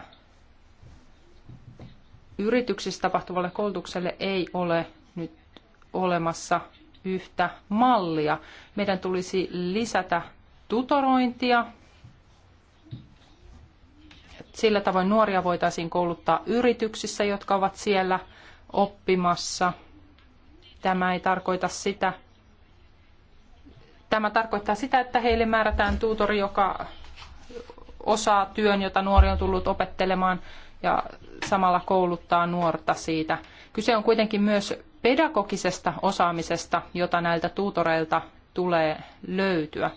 yrityksissä tapahtuvalle koulutukselle ei ole nyt olemassa yhtä mallia. Meidän tulisi lisätä tutorointia. Sillä tavoin nuoria voitaisiin kouluttaa yrityksissä, jotka ovat siellä oppimassa. Tämä ei tarkoita sitä, tämä tarkoittaa sitä, että heille määrätään tuutori, joka osaa työn, jota nuori on tullut opettelemaan ja samalla kouluttaa nuorta siitä. Kyse on kuitenkin myös pedagogisesta osaamisesta, jota näiltä tuutoreilta tulee löytyä.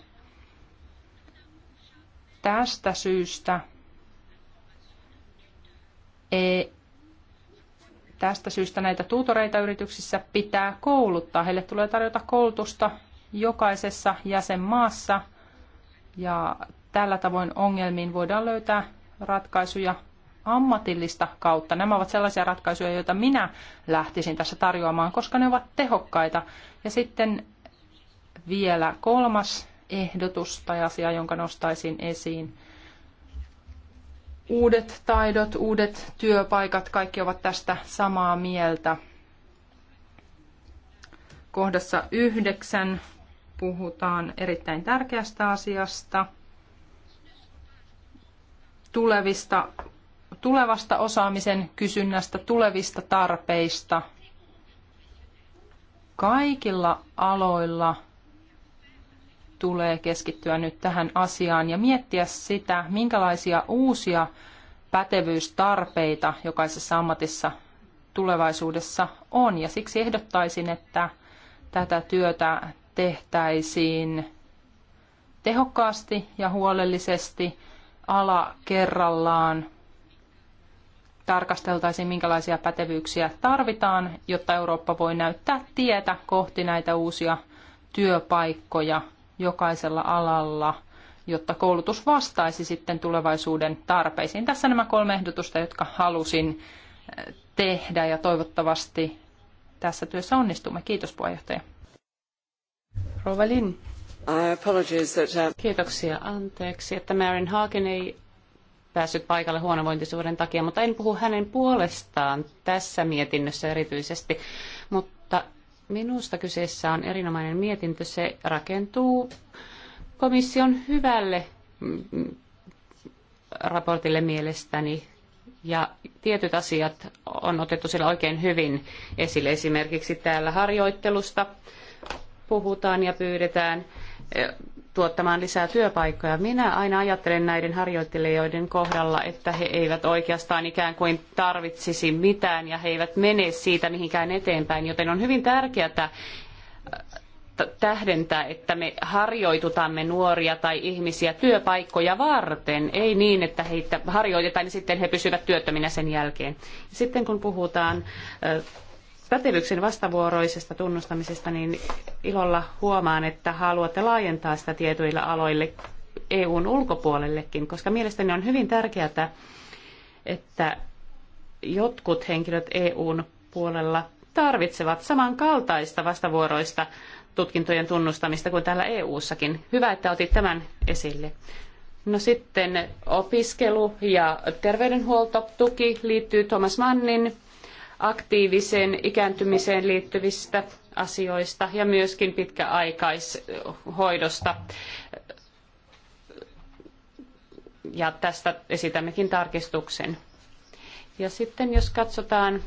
Tästä syystä e, tästä syystä näitä tuutoreita yrityksissä pitää kouluttaa. Heille tulee tarjota koulutusta jokaisessa jäsenmaassa ja tällä tavoin ongelmiin voidaan löytää ratkaisuja ammatillista kautta. Nämä ovat sellaisia ratkaisuja, joita minä lähtisin tässä tarjoamaan, koska ne ovat tehokkaita. Ja sitten vielä kolmas ehdotus tai asia, jonka nostaisin esiin. Uudet taidot, uudet työpaikat, kaikki ovat tästä samaa mieltä. Kohdassa yhdeksän puhutaan erittäin tärkeästä asiasta, tulevista tulevasta osaamisen kysynnästä, tulevista tarpeista. Kaikilla aloilla tulee keskittyä nyt tähän asiaan ja miettiä sitä, minkälaisia uusia pätevyystarpeita jokaisessa ammatissa tulevaisuudessa on. Ja siksi ehdottaisin, että tätä työtä tehtäisiin tehokkaasti ja huolellisesti ala kerrallaan tarkasteltaisiin, minkälaisia pätevyyksiä tarvitaan, jotta Eurooppa voi näyttää tietä kohti näitä uusia työpaikkoja jokaisella alalla, jotta koulutus vastaisi sitten tulevaisuuden tarpeisiin. Tässä nämä kolme ehdotusta, jotka halusin eh, tehdä ja toivottavasti tässä työssä onnistumme. Kiitos puheenjohtaja. Rovalin. Um, Kiitoksia. Anteeksi, että Marin Hagen ei päässyt paikalle huonovointisuuden takia, mutta en puhu hänen puolestaan tässä mietinnössä erityisesti. Mutta minusta kyseessä on erinomainen mietintö. Se rakentuu komission hyvälle mm, mm, raportille mielestäni. Ja tietyt asiat on otettu siellä oikein hyvin esille. Esimerkiksi täällä harjoittelusta puhutaan ja pyydetään eh, tuottamaan lisää työpaikkoja. Minä aina ajattelen näiden harjoittelijoiden kohdalla, että he eivät oikeastaan ikään kuin tarvitsisi mitään ja he eivät mene siitä mihinkään eteenpäin, joten on hyvin tärkeää äh, tähdentää, että me harjoitutamme nuoria tai ihmisiä työpaikkoja varten, ei niin, että heitä harjoitetaan ja sitten he pysyvät työttöminä sen jälkeen. Sitten kun puhutaan äh, pätevyyksen vastavuoroisesta tunnustamisesta, niin ilolla huomaan, että haluatte laajentaa sitä tietyillä aloille EUn ulkopuolellekin, koska mielestäni on hyvin tärkeää, että jotkut henkilöt EUn puolella tarvitsevat samankaltaista vastavuoroista tutkintojen tunnustamista kuin täällä EUssakin. Hyvä, että otit tämän esille. No sitten opiskelu ja terveydenhuoltotuki liittyy Thomas Mannin aktiiviseen ikääntymiseen liittyvistä asioista ja myöskin pitkäaikaishoidosta. Ja tästä esitämmekin tarkistuksen. Ja sitten jos katsotaan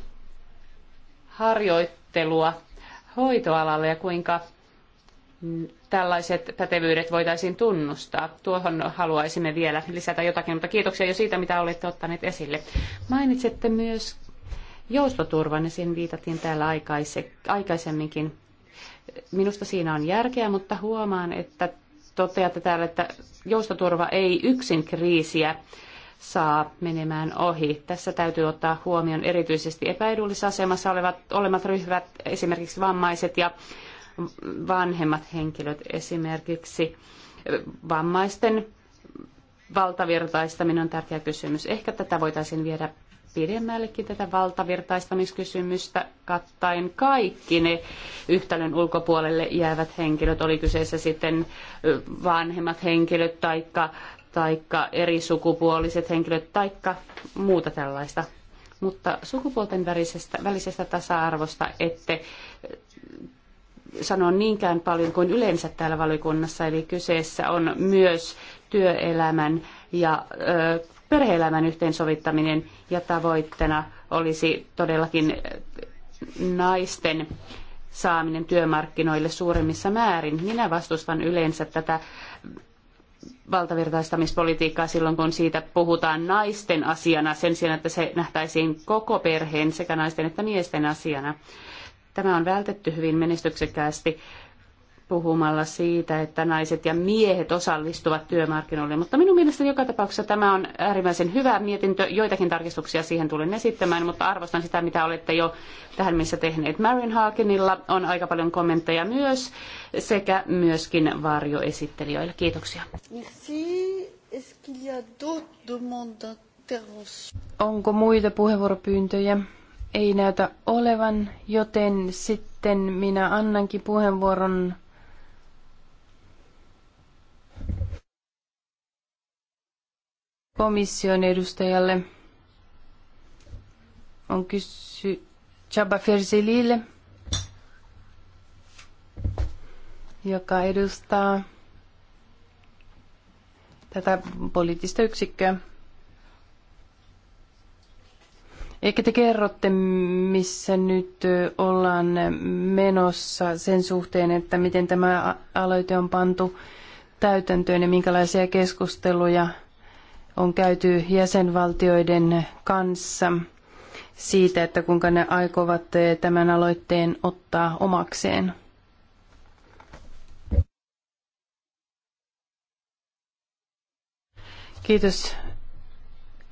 harjoittelua hoitoalalle ja kuinka tällaiset pätevyydet voitaisiin tunnustaa. Tuohon haluaisimme vielä lisätä jotakin, mutta kiitoksia jo siitä, mitä olette ottaneet esille. Mainitsette myös joustoturvan, niin ja siihen viitattiin täällä aikaise, aikaisemminkin. Minusta siinä on järkeä, mutta huomaan, että toteatte täällä, että joustoturva ei yksin kriisiä saa menemään ohi. Tässä täytyy ottaa huomioon erityisesti epäedullisessa asemassa olevat, olemat ryhmät, esimerkiksi vammaiset ja vanhemmat henkilöt, esimerkiksi vammaisten valtavirtaistaminen on tärkeä kysymys. Ehkä tätä voitaisiin viedä pidemmällekin tätä valtavirtaistamiskysymystä kattaen kaikki ne yhtälön ulkopuolelle jäävät henkilöt, oli kyseessä sitten vanhemmat henkilöt taikka, taikka eri sukupuoliset henkilöt taikka muuta tällaista. Mutta sukupuolten välisestä, välisestä tasa-arvosta ette sanoa niinkään paljon kuin yleensä täällä valiokunnassa, eli kyseessä on myös työelämän ja ö, perheelämän yhteensovittaminen ja tavoitteena olisi todellakin naisten saaminen työmarkkinoille suuremmissa määrin. Minä vastustan yleensä tätä valtavirtaistamispolitiikkaa silloin, kun siitä puhutaan naisten asiana sen sijaan, että se nähtäisiin koko perheen sekä naisten että miesten asiana. Tämä on vältetty hyvin menestyksekkäästi puhumalla siitä, että naiset ja miehet osallistuvat työmarkkinoille. Mutta minun mielestäni joka tapauksessa tämä on äärimmäisen hyvä mietintö. Joitakin tarkistuksia siihen tulen esittämään, mutta arvostan sitä, mitä olette jo tähän missä tehneet. Marion Harkinilla on aika paljon kommentteja myös sekä myöskin varjoesittelijöille. Kiitoksia. Onko muita puheenvuoropyyntöjä? Ei näytä olevan, joten sitten minä annankin puheenvuoron komission edustajalle. On kysy Chaba Ferzelille, joka edustaa tätä poliittista yksikköä. Ehkä te kerrotte, missä nyt ollaan menossa sen suhteen, että miten tämä aloite on pantu täytäntöön ja minkälaisia keskusteluja on käyty jäsenvaltioiden kanssa siitä, että kuinka ne aikovat tämän aloitteen ottaa omakseen. Kiitos.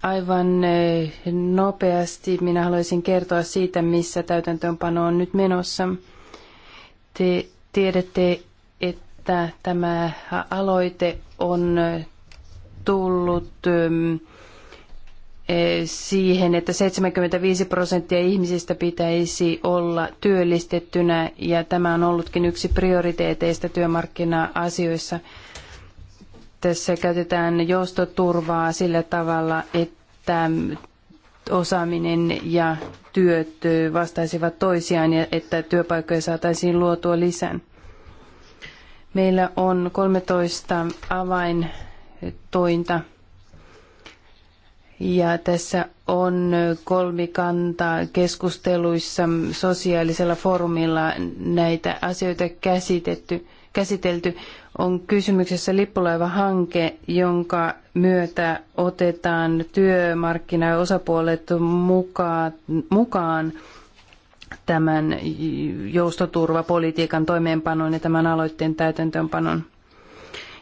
Aivan eh, nopeasti minä haluaisin kertoa siitä, missä täytäntöönpano on nyt menossa. Te tiedätte, että tämä aloite on tullut ähm, eh, siihen, että 75 prosenttia ihmisistä pitäisi olla työllistettynä ja tämä on ollutkin yksi prioriteeteista työmarkkina-asioissa. Tässä käytetään joustoturvaa sillä tavalla, että osaaminen ja työt eh, vastaisivat toisiaan ja että työpaikkoja saataisiin luotua lisää. Meillä on 13 avain tointa. Ja tässä on kolmikanta keskusteluissa sosiaalisella foorumilla näitä asioita käsitetty, käsitelty. On kysymyksessä lippulaivahanke, jonka myötä otetaan ja mukaan, mukaan tämän joustoturvapolitiikan toimeenpanon ja tämän aloitteen täytäntöönpanon.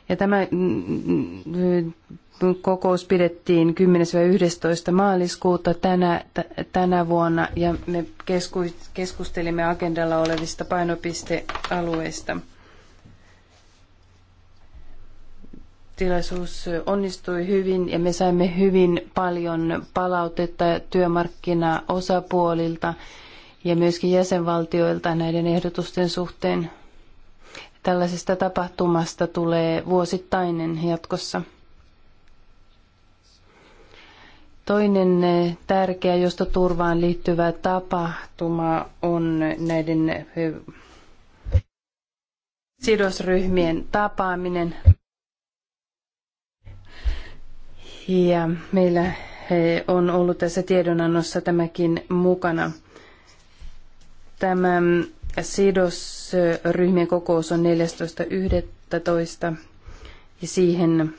Ja tämä mm, mm, mm, kokous pidettiin 10-11. maaliskuuta tänä, tänä vuonna ja me keskustelimme agendalla olevista painopistealueista. Tilaisuus onnistui hyvin ja me saimme hyvin paljon palautetta työmarkkinaosapuolilta ja myöskin jäsenvaltioilta näiden ehdotusten suhteen tällaisesta tapahtumasta tulee vuosittainen jatkossa. Toinen eh, tärkeä turvaan liittyvä tapahtuma on näiden eh, sidosryhmien tapaaminen. Ja meillä eh, on ollut tässä tiedonannossa tämäkin mukana. Tämä mm, sidosryhmien kokous on 14.11. ja siihen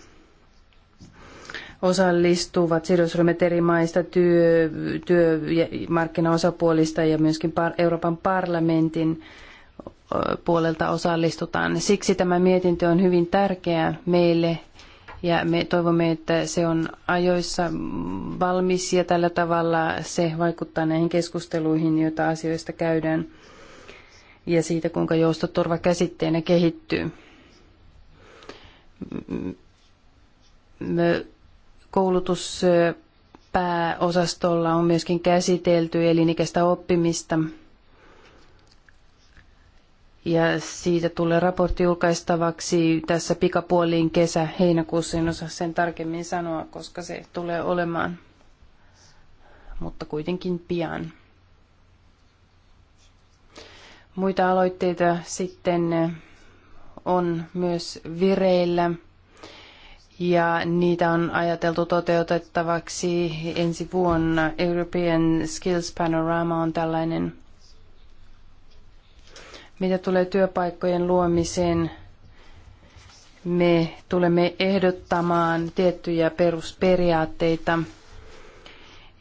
osallistuvat sidosryhmät eri maista, työ, työmarkkinaosapuolista ja myöskin Euroopan parlamentin puolelta osallistutaan. Siksi tämä mietintö on hyvin tärkeä meille ja me toivomme, että se on ajoissa valmis ja tällä tavalla se vaikuttaa näihin keskusteluihin, joita asioista käydään ja siitä, kuinka joustoturva käsitteenä kehittyy. Koulutuspääosastolla on myöskin käsitelty elinikäistä oppimista ja siitä tulee raportti julkaistavaksi tässä pikapuoliin kesä heinäkuussa. En osaa sen tarkemmin sanoa, koska se tulee olemaan, mutta kuitenkin pian. Muita aloitteita sitten on myös vireillä ja niitä on ajateltu toteutettavaksi ensi vuonna. European Skills Panorama on tällainen. Mitä tulee työpaikkojen luomiseen, me tulemme ehdottamaan tiettyjä perusperiaatteita,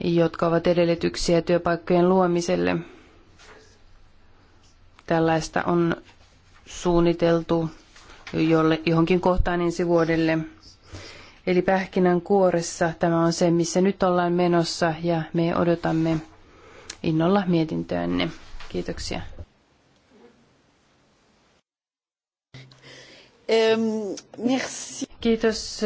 jotka ovat edellytyksiä työpaikkojen luomiselle – tällaista on suunniteltu jolle, johonkin kohtaan ensi vuodelle. Eli pähkinän kuoressa tämä on se, missä nyt ollaan menossa ja me odotamme innolla mietintöänne. Kiitoksia. Kiitos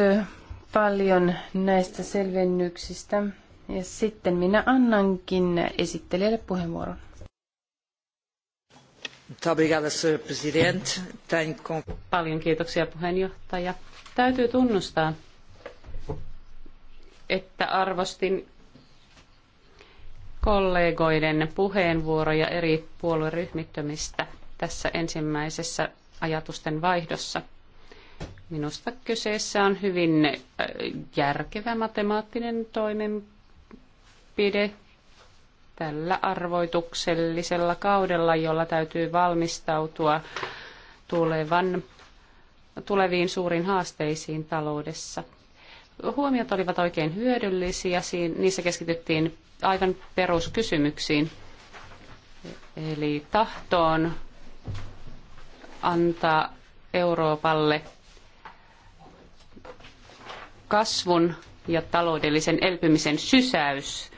paljon näistä selvennyksistä. Ja sitten minä annankin esittelijälle puheenvuoron. Paljon puhemies Täytyy tunnustaa, että arvostin kollegoiden puheenvuoroja eri puolueryhmittymistä tässä ensimmäisessä ajatusten vaihdossa. Minusta kyseessä on hyvin äh, järkevä matemaattinen toimenpide tällä arvoituksellisella kaudella, jolla täytyy valmistautua tulevan, tuleviin suuriin haasteisiin taloudessa. Huomiot olivat oikein hyödyllisiä, niissä keskityttiin aivan peruskysymyksiin, eli tahtoon antaa Euroopalle kasvun ja taloudellisen elpymisen sysäys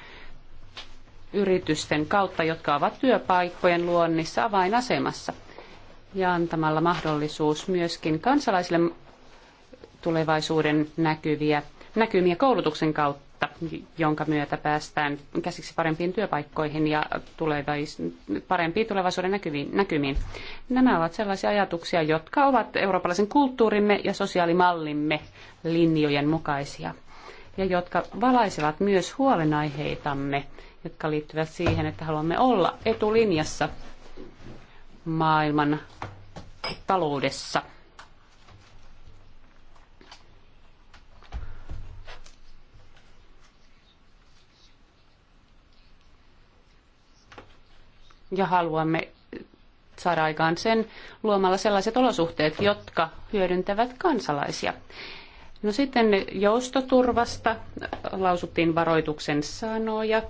yritysten kautta, jotka ovat työpaikkojen luonnissa avainasemassa ja antamalla mahdollisuus myöskin kansalaisille tulevaisuuden näkyviä, näkymiä koulutuksen kautta, jonka myötä päästään käsiksi parempiin työpaikkoihin ja tulevais- parempiin tulevaisuuden näkyviin, näkymiin. Nämä ovat sellaisia ajatuksia, jotka ovat eurooppalaisen kulttuurimme ja sosiaalimallimme linjojen mukaisia ja jotka valaisevat myös huolenaiheitamme jotka liittyvät siihen, että haluamme olla etulinjassa maailman taloudessa. Ja haluamme saada aikaan sen luomalla sellaiset olosuhteet, jotka hyödyntävät kansalaisia. No sitten joustoturvasta lausuttiin varoituksen sanoja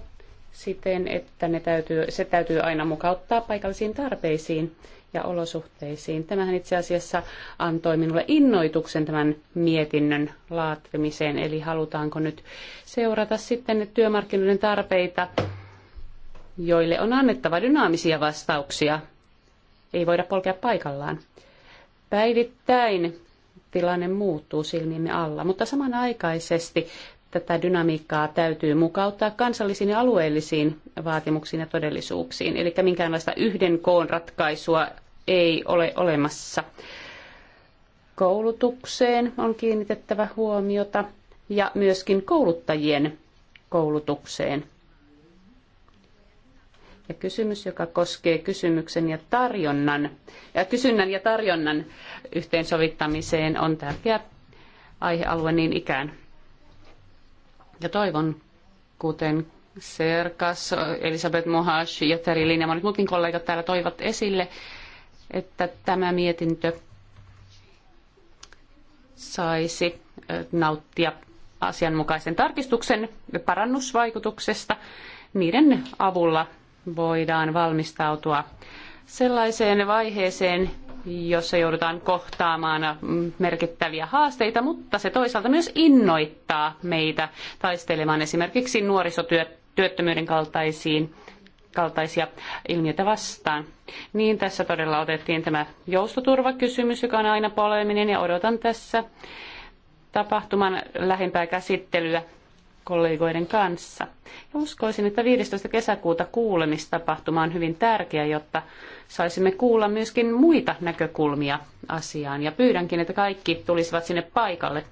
siten, että ne täytyy, se täytyy aina mukauttaa paikallisiin tarpeisiin ja olosuhteisiin. Tämähän itse asiassa antoi minulle innoituksen tämän mietinnön laatimiseen, eli halutaanko nyt seurata sitten työmarkkinoiden tarpeita, joille on annettava dynaamisia vastauksia. Ei voida polkea paikallaan. Päivittäin tilanne muuttuu silmiemme alla, mutta samanaikaisesti tätä dynamiikkaa täytyy mukauttaa kansallisiin ja alueellisiin vaatimuksiin ja todellisuuksiin. Eli minkäänlaista yhden koon ratkaisua ei ole olemassa. Koulutukseen on kiinnitettävä huomiota ja myöskin kouluttajien koulutukseen. Ja kysymys, joka koskee kysymyksen ja tarjonnan, ja kysynnän ja tarjonnan yhteensovittamiseen on tärkeä aihealue niin ikään. Ja toivon, kuten Serkas, Elisabeth Mohash ja Terri Lin ja monet muutkin kollegat täällä toivat esille, että tämä mietintö saisi nauttia asianmukaisen tarkistuksen parannusvaikutuksesta. Niiden avulla voidaan valmistautua sellaiseen vaiheeseen, jossa joudutaan kohtaamaan merkittäviä haasteita, mutta se toisaalta myös innoittaa meitä taistelemaan esimerkiksi nuorisotyöttömyyden kaltaisiin kaltaisia ilmiöitä vastaan. Niin tässä todella otettiin tämä joustoturvakysymys, joka on aina poleminen ja odotan tässä tapahtuman lähempää käsittelyä kollegoiden kanssa. Ja uskoisin, että 15. kesäkuuta kuulemistapahtuma on hyvin tärkeä, jotta saisimme kuulla myöskin muita näkökulmia asiaan. Ja pyydänkin, että kaikki tulisivat sinne paikalle.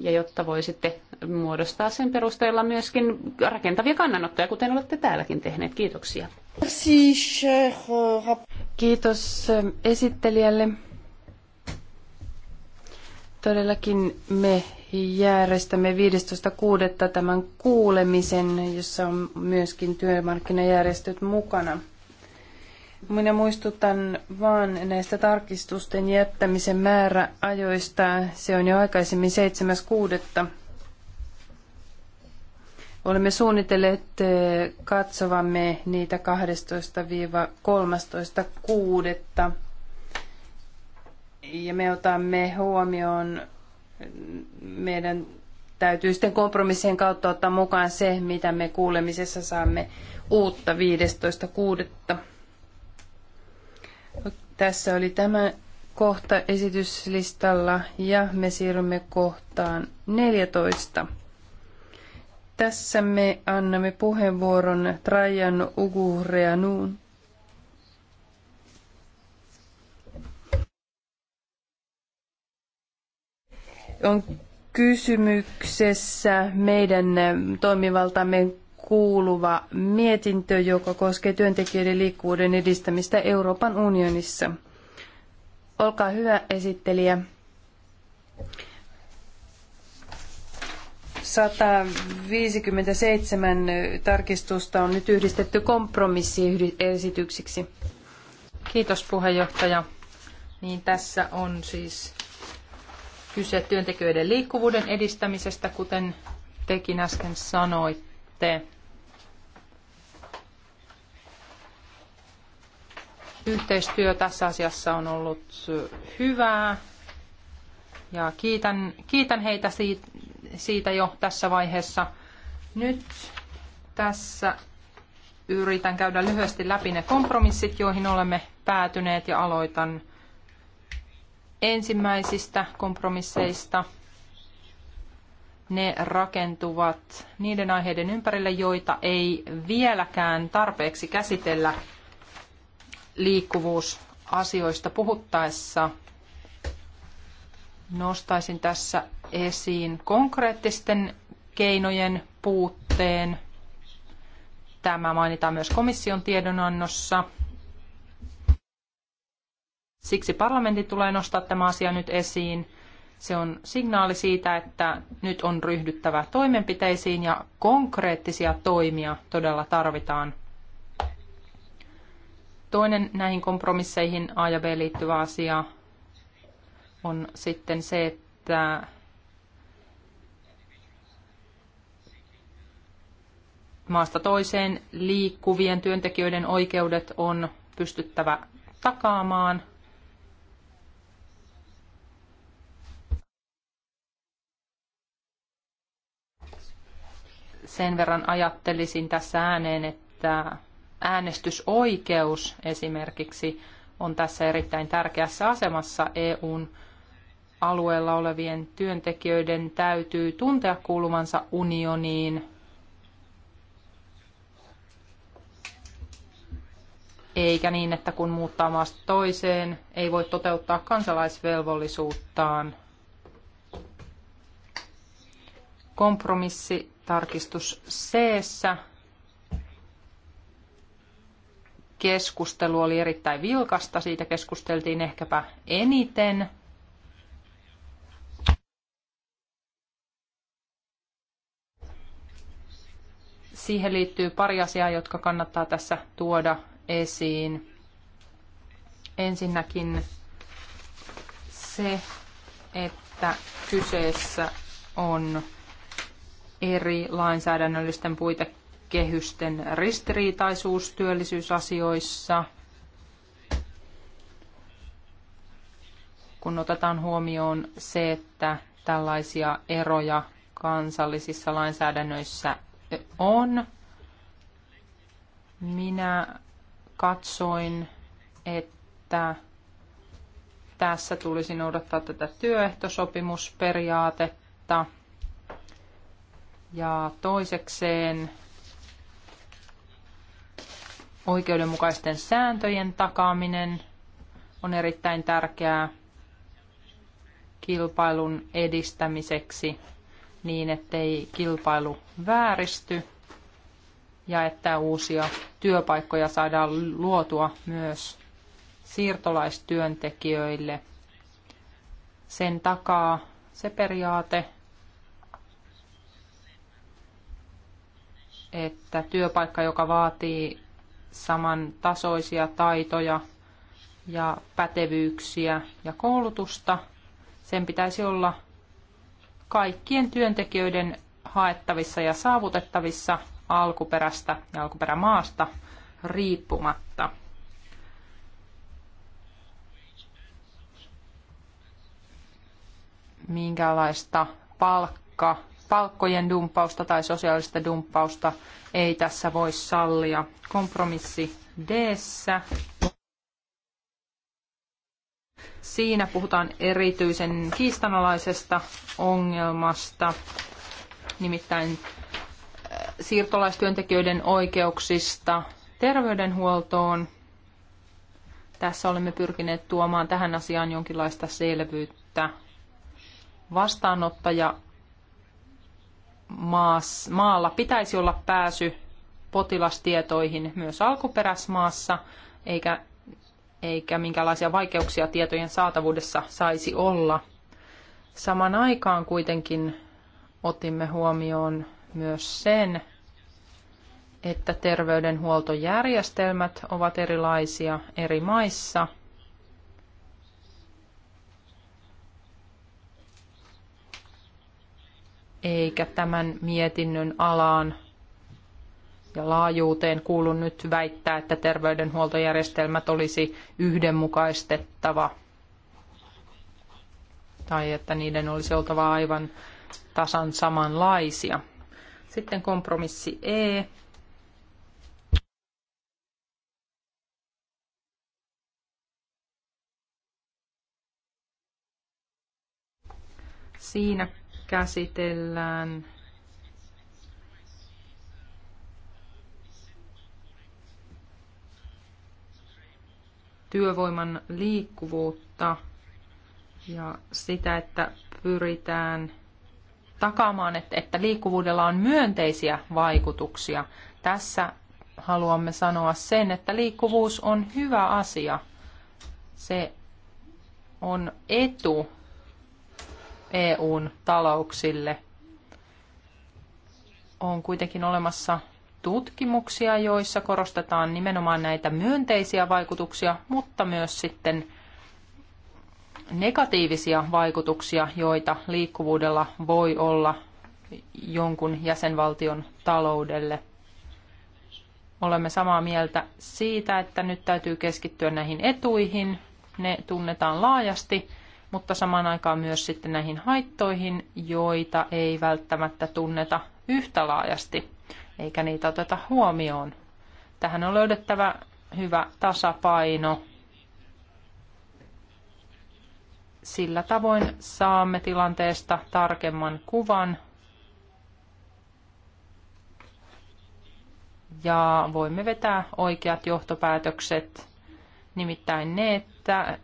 Ja jotta voisitte muodostaa sen perusteella myöskin rakentavia kannanottoja, kuten olette täälläkin tehneet. Kiitoksia. Euh, Kiitos äh, esittelijälle. Todellakin me järjestämme 15.6. tämän kuulemisen, jossa on myöskin työmarkkinajärjestöt mukana. Minä muistutan vaan näistä tarkistusten jättämisen määräajoista. Se on jo aikaisemmin 7.6. Olemme suunnitelleet eh, katsovamme niitä 12-13.6 ja me otamme huomioon, meidän täytyy sitten kompromissien kautta ottaa mukaan se, mitä me kuulemisessa saamme uutta 15.6. Tässä oli tämä kohta esityslistalla ja me siirrymme kohtaan 14. Tässä me annamme puheenvuoron Trajan Ugurreanuun on kysymyksessä meidän eh, toimivaltamme kuuluva mietintö, joka koskee työntekijöiden liikkuvuuden edistämistä Euroopan unionissa. Olkaa hyvä esittelijä. 157 tarkistusta on nyt yhdistetty kompromissiesityksiksi. Kiitos puheenjohtaja. Niin tässä on siis kyse työntekijöiden liikkuvuuden edistämisestä, kuten tekin äsken sanoitte. Yhteistyö tässä asiassa on ollut hyvää ja kiitän, kiitän heitä siitä, siitä jo tässä vaiheessa. Nyt tässä yritän käydä lyhyesti läpi ne kompromissit, joihin olemme päätyneet ja aloitan ensimmäisistä kompromisseista. Ne rakentuvat niiden aiheiden ympärille, joita ei vieläkään tarpeeksi käsitellä liikkuvuusasioista puhuttaessa. Nostaisin tässä esiin konkreettisten keinojen puutteen. Tämä mainitaan myös komission tiedonannossa – Siksi parlamentti tulee nostaa tämä asia nyt esiin. Se on signaali siitä, että nyt on ryhdyttävä toimenpiteisiin ja konkreettisia toimia todella tarvitaan. Toinen näihin kompromisseihin A ja B liittyvä asia on sitten se, että maasta toiseen liikkuvien työntekijöiden oikeudet on pystyttävä takaamaan – sen verran ajattelisin tässä ääneen, että äänestysoikeus esimerkiksi on tässä erittäin tärkeässä asemassa EUn alueella olevien työntekijöiden täytyy tuntea kuuluvansa unioniin. Eikä niin, että kun muuttaa maasta toiseen, ei voi toteuttaa kansalaisvelvollisuuttaan. Kompromissitarkistus c keskustelu oli erittäin vilkasta, siitä keskusteltiin ehkäpä eniten. Siihen liittyy pari asiaa, jotka kannattaa tässä tuoda esiin. Ensinnäkin se, että kyseessä on eri lainsäädännöllisten puitekehysten ristiriitaisuus työllisyysasioissa, kun otetaan huomioon se, että tällaisia eroja kansallisissa lainsäädännöissä on. Minä katsoin, että tässä tulisi noudattaa tätä työehtosopimusperiaatetta. Ja toisekseen oikeudenmukaisten sääntöjen takaaminen on erittäin tärkeää kilpailun edistämiseksi niin, ettei kilpailu vääristy ja että uusia työpaikkoja saadaan luotua myös siirtolaistyöntekijöille. Sen takaa se periaate, että työpaikka, joka vaatii samantasoisia taitoja ja pätevyyksiä ja koulutusta, sen pitäisi olla kaikkien työntekijöiden haettavissa ja saavutettavissa alkuperästä ja alkuperämaasta riippumatta. Minkälaista palkka- palkkojen dumppausta tai sosiaalista dumppausta ei tässä voi sallia. Kompromissi d -ssä. Siinä puhutaan erityisen kiistanalaisesta ongelmasta, nimittäin äh, siirtolaistyöntekijöiden oikeuksista terveydenhuoltoon. Tässä olemme pyrkineet tuomaan tähän asiaan jonkinlaista selvyyttä. Vastaanottaja maas, maalla pitäisi olla pääsy potilastietoihin myös alkuperäismaassa, eikä, eikä minkälaisia vaikeuksia tietojen saatavuudessa saisi olla. Saman aikaan kuitenkin otimme huomioon myös sen, että terveydenhuoltojärjestelmät ovat erilaisia eri maissa – eikä tämän mietinnön alaan ja laajuuteen kuulu nyt väittää, että terveydenhuoltojärjestelmät olisi yhdenmukaistettava tai että niiden olisi oltava aivan tasan samanlaisia. Sitten kompromissi E. Siinä käsitellään työvoiman liikkuvuutta ja sitä, että pyritään takaamaan, että, että liikkuvuudella on myönteisiä vaikutuksia. Tässä haluamme sanoa sen, että liikkuvuus on hyvä asia. Se on etu EUn talouksille. On kuitenkin olemassa tutkimuksia, joissa korostetaan nimenomaan näitä myönteisiä vaikutuksia, mutta myös sitten negatiivisia vaikutuksia, joita liikkuvuudella voi olla jonkun jäsenvaltion taloudelle. Olemme samaa mieltä siitä, että nyt täytyy keskittyä näihin etuihin. Ne tunnetaan laajasti mutta samaan aikaan myös sitten näihin haittoihin, joita ei välttämättä tunneta yhtä laajasti, eikä niitä oteta huomioon. Tähän on löydettävä hyvä tasapaino. Sillä tavoin saamme tilanteesta tarkemman kuvan ja voimme vetää oikeat johtopäätökset, nimittäin ne, että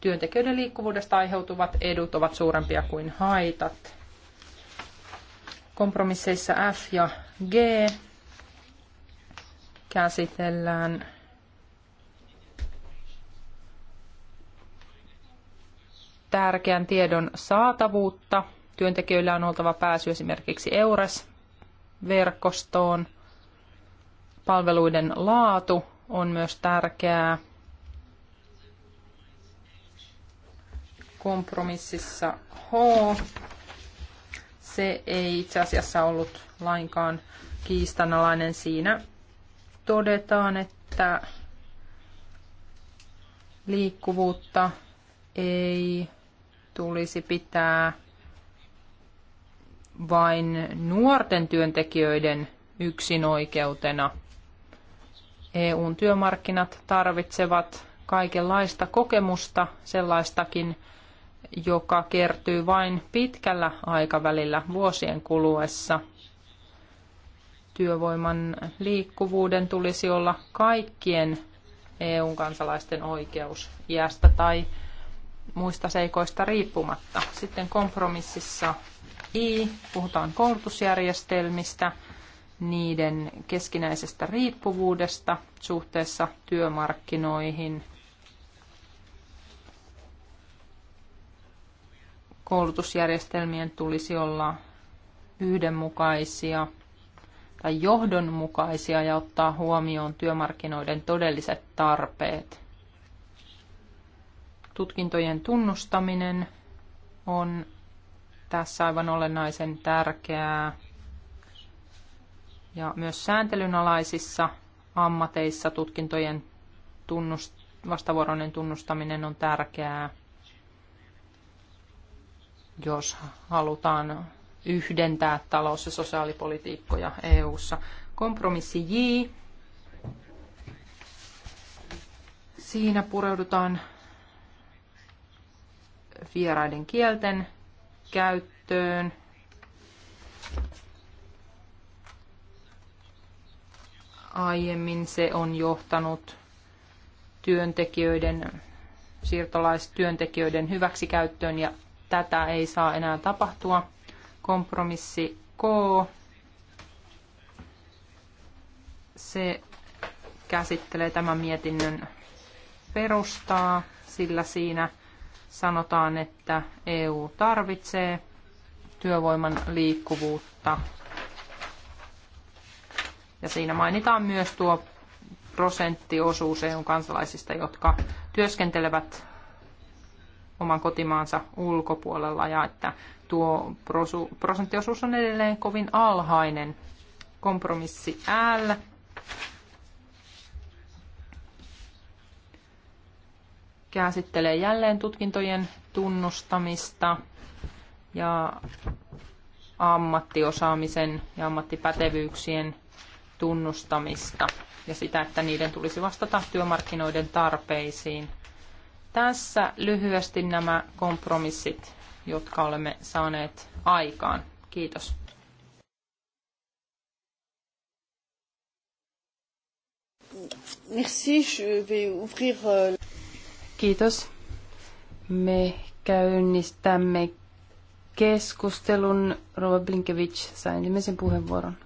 työntekijöiden liikkuvuudesta aiheutuvat edut ovat suurempia kuin haitat. Kompromisseissa F ja G käsitellään tärkeän tiedon saatavuutta. Työntekijöillä on oltava pääsy esimerkiksi EURES-verkostoon. Palveluiden laatu on myös tärkeää. kompromississa H. Se ei itse asiassa ollut lainkaan kiistanalainen. Siinä todetaan, että liikkuvuutta ei tulisi pitää vain nuorten työntekijöiden yksinoikeutena. EUn työmarkkinat tarvitsevat kaikenlaista kokemusta, sellaistakin, joka kertyy vain pitkällä aikavälillä vuosien kuluessa. Työvoiman liikkuvuuden tulisi olla kaikkien EU-kansalaisten oikeus iästä tai muista seikoista riippumatta. Sitten kompromississa I, puhutaan koulutusjärjestelmistä, niiden keskinäisestä riippuvuudesta suhteessa työmarkkinoihin – koulutusjärjestelmien tulisi olla yhdenmukaisia tai johdonmukaisia ja ottaa huomioon työmarkkinoiden todelliset tarpeet. Tutkintojen tunnustaminen on tässä aivan olennaisen tärkeää. Ja myös sääntelynalaisissa ammateissa tutkintojen tunnust- vastavuoroinen tunnustaminen on tärkeää jos halutaan yhdentää talous- ja sosiaalipolitiikkoja EU:ssa. Kompromissi J. Siinä pureudutaan vieraiden kielten käyttöön. Aiemmin se on johtanut työntekijöiden, siirtolaistyöntekijöiden hyväksikäyttöön ja Tätä ei saa enää tapahtua. Kompromissi K. Se käsittelee tämän mietinnön perustaa, sillä siinä sanotaan, että EU tarvitsee työvoiman liikkuvuutta. Ja siinä mainitaan myös tuo prosenttiosuus eu kansalaisista, jotka työskentelevät oman kotimaansa ulkopuolella ja että tuo prosenttiosuus on edelleen kovin alhainen. Kompromissi L. Käsittelee jälleen tutkintojen tunnustamista ja ammattiosaamisen ja ammattipätevyyksien tunnustamista ja sitä, että niiden tulisi vastata työmarkkinoiden tarpeisiin. Tässä lyhyesti nämä kompromissit, jotka olemme saaneet aikaan. Kiitos. Merci, je vais ouvrir... Euh, Kiitos. Me käynnistämme keskustelun. Rova Blinkevich sai ensimmäisen puheenvuoron.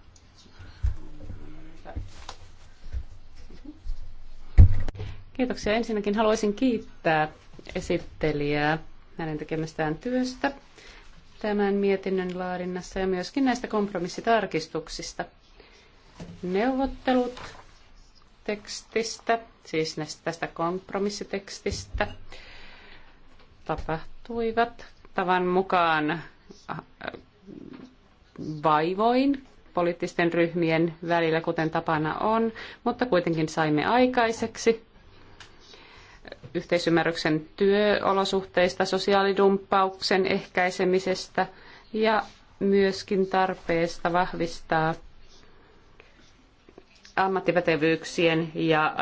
Kiitoksia. Ensinnäkin haluaisin kiittää esittelijää hänen tekemästään työstä tämän mietinnön laadinnassa ja myöskin näistä kompromissitarkistuksista. Neuvottelut tekstistä, siis tästä kompromissitekstistä, tapahtuivat tavan mukaan äh, vaivoin poliittisten ryhmien välillä, kuten tapana on, mutta kuitenkin saimme aikaiseksi yhteisymmärryksen työolosuhteista, sosiaalidumppauksen ehkäisemisestä ja myöskin tarpeesta vahvistaa ammattipätevyyksien ja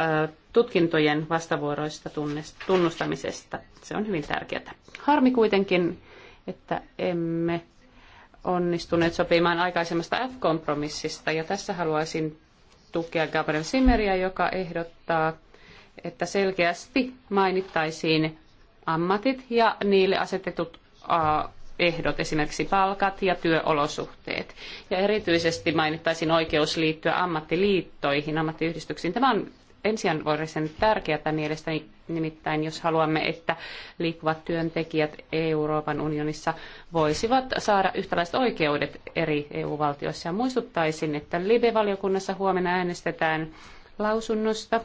tutkintojen vastavuoroista tunnustamisesta. Se on hyvin tärkeää. Harmi kuitenkin, että emme onnistuneet sopimaan aikaisemmasta F-kompromissista, ja tässä haluaisin tukea Gabriel Simmeriä, joka ehdottaa että selkeästi mainittaisiin ammatit ja niille asetetut ehdot, esimerkiksi palkat ja työolosuhteet. Ja erityisesti mainittaisiin oikeus liittyä ammattiliittoihin, ammattiyhdistyksiin. Tämä on ensiarvoisen tärkeätä mielestäni, nimittäin jos haluamme, että liikkuvat työntekijät Euroopan unionissa voisivat saada yhtäläiset oikeudet eri EU-valtioissa. Ja muistuttaisin, että Libe-valiokunnassa huomenna äänestetään lausunnosta,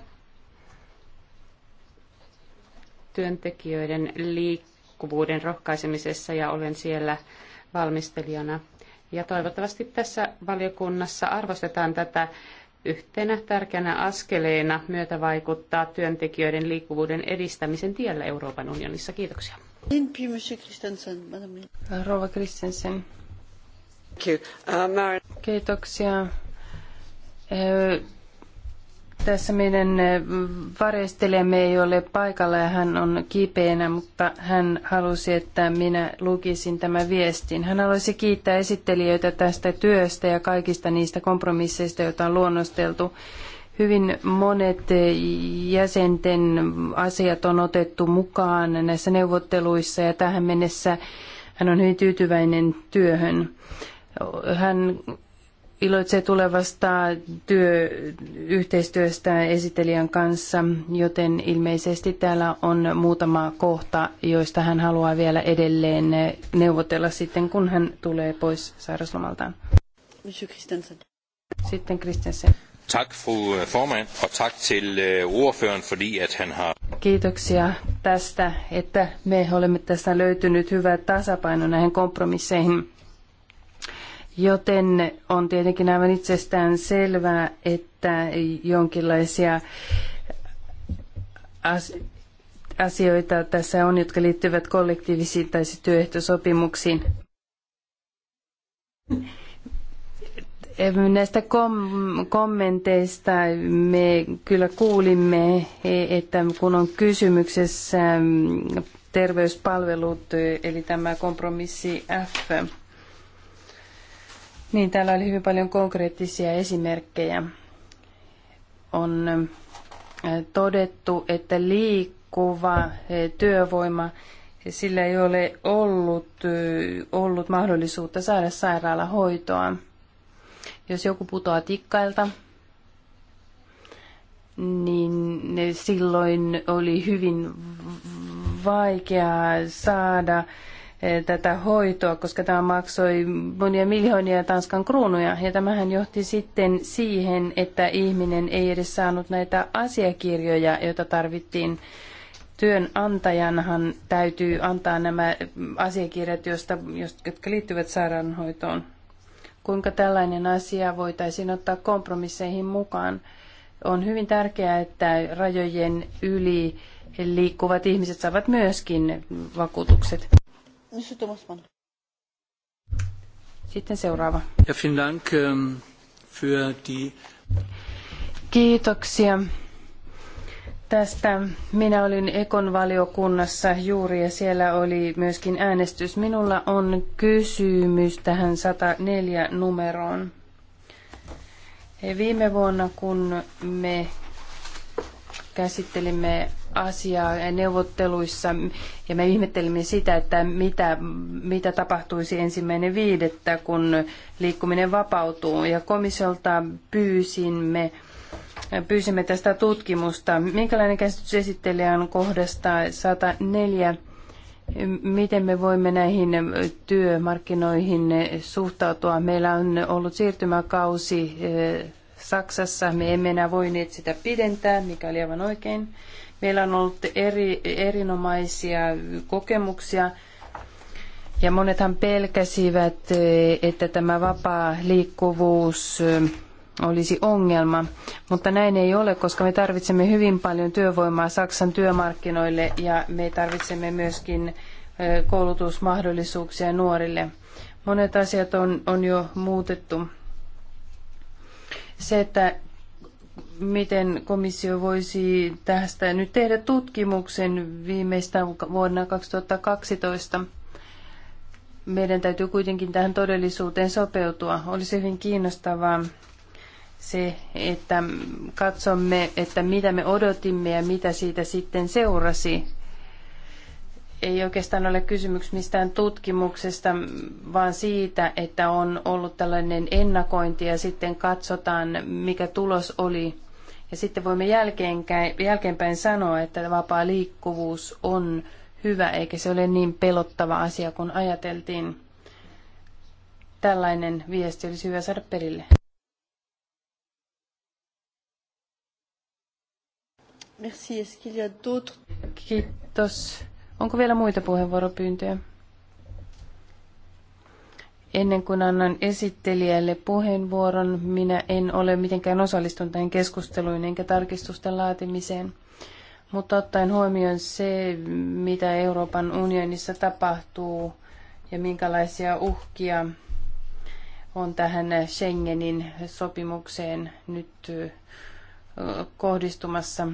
työntekijöiden liikkuvuuden rohkaisemisessa ja olen siellä valmistelijana. Ja toivottavasti tässä valiokunnassa arvostetaan tätä yhtenä tärkeänä askeleena myötä vaikuttaa työntekijöiden liikkuvuuden edistämisen tiellä Euroopan unionissa. Kiitoksia. Rova Christensen. Uh, Kiitoksia. Tässä meidän eh, varjostelemme ei ole paikalla ja hän on kipeänä, mutta hän halusi, että minä lukisin tämän viestin. Hän haluaisi kiittää esittelijöitä tästä työstä ja kaikista niistä kompromisseista, joita on luonnosteltu. Hyvin monet eh, jäsenten asiat on otettu mukaan näissä neuvotteluissa ja tähän mennessä hän on hyvin tyytyväinen työhön. Hän iloitsee tulevasta yhteistyöstä esittelijän kanssa, joten ilmeisesti täällä on muutama kohta, joista hän haluaa vielä edelleen neuvotella sitten, kun hän tulee pois sairauslomaltaan. Sitten Kristensen. Tak, fru øh, formand, og tak til øh, ordføreren, fordi at han har... Kiitoksia tästä, että me olemme tässä löytynyt hyvä tasapaino näihin kompromisseihin. Joten on tietenkin aivan itsestään selvää, että jonkinlaisia asioita tässä on, jotka liittyvät kollektiivisiin tai siis työehtosopimuksiin. Näistä kom- kommenteista me kyllä kuulimme, että kun on kysymyksessä mm, terveyspalvelut, eli tämä kompromissi F, niin, täällä oli hyvin paljon konkreettisia esimerkkejä. On todettu, että liikkuva työvoima, sillä ei ole ollut, ollut mahdollisuutta saada sairaalahoitoa. Jos joku putoaa tikkailta, niin silloin oli hyvin vaikeaa saada Eh, tätä hoitoa, koska tämä maksoi monia miljoonia Tanskan kruunuja. Ja tämähän johti sitten siihen, että ihminen ei edes saanut näitä asiakirjoja, joita tarvittiin. Työnantajanhan täytyy antaa nämä asiakirjat, joista, jotka liittyvät sairaanhoitoon. Kuinka tällainen asia voitaisiin ottaa kompromisseihin mukaan? On hyvin tärkeää, että rajojen yli liikkuvat ihmiset saavat myöskin vakuutukset. Monsieur Thomasman. Sitten seuraava. Ja Dank ähm, für die... Kiitoksia tästä. Minä olin Ekon valiokunnassa juuri ja siellä oli myöskin äänestys. Minulla on kysymys tähän 104 numeroon. Viime vuonna, kun me käsittelimme asiaa neuvotteluissa ja me ihmettelimme sitä, että mitä, mitä tapahtuisi ensimmäinen viidettä, kun liikkuminen vapautuu. Ja komissiolta pyysimme, pyysimme tästä tutkimusta. Minkälainen käsitys esittelijä on kohdasta 104? Miten me voimme näihin työmarkkinoihin suhtautua? Meillä on ollut siirtymäkausi eh, Saksassa. Me emme enää voineet sitä pidentää, mikä oli aivan oikein. Meillä on ollut eri, erinomaisia kokemuksia ja monethan pelkäsivät, että tämä vapaa liikkuvuus olisi ongelma, mutta näin ei ole, koska me tarvitsemme hyvin paljon työvoimaa Saksan työmarkkinoille ja me tarvitsemme myöskin koulutusmahdollisuuksia nuorille. Monet asiat on, on jo muutettu. Se, että miten komissio voisi tästä nyt tehdä tutkimuksen viimeistään vuonna 2012. Meidän täytyy kuitenkin tähän todellisuuteen sopeutua. Olisi hyvin kiinnostavaa se, että katsomme, että mitä me odotimme ja mitä siitä sitten seurasi. Ei oikeastaan ole kysymys mistään tutkimuksesta, vaan siitä, että on ollut tällainen ennakointi ja sitten katsotaan, mikä tulos oli ja sitten voimme jälkeenpäin sanoa, että vapaa liikkuvuus on hyvä, eikä se ole niin pelottava asia kuin ajateltiin. Tällainen viesti olisi hyvä saada perille. Merci. Est-ce qu'il y a d'autres? Kiitos. Onko vielä muita puheenvuoropyyntöjä? Ennen kuin annan esittelijälle puheenvuoron, minä en ole mitenkään osallistunut tähän keskusteluun enkä tarkistusten laatimiseen. Mutta ottaen huomioon se, mitä Euroopan unionissa tapahtuu ja minkälaisia uhkia on tähän Schengenin sopimukseen nyt kohdistumassa,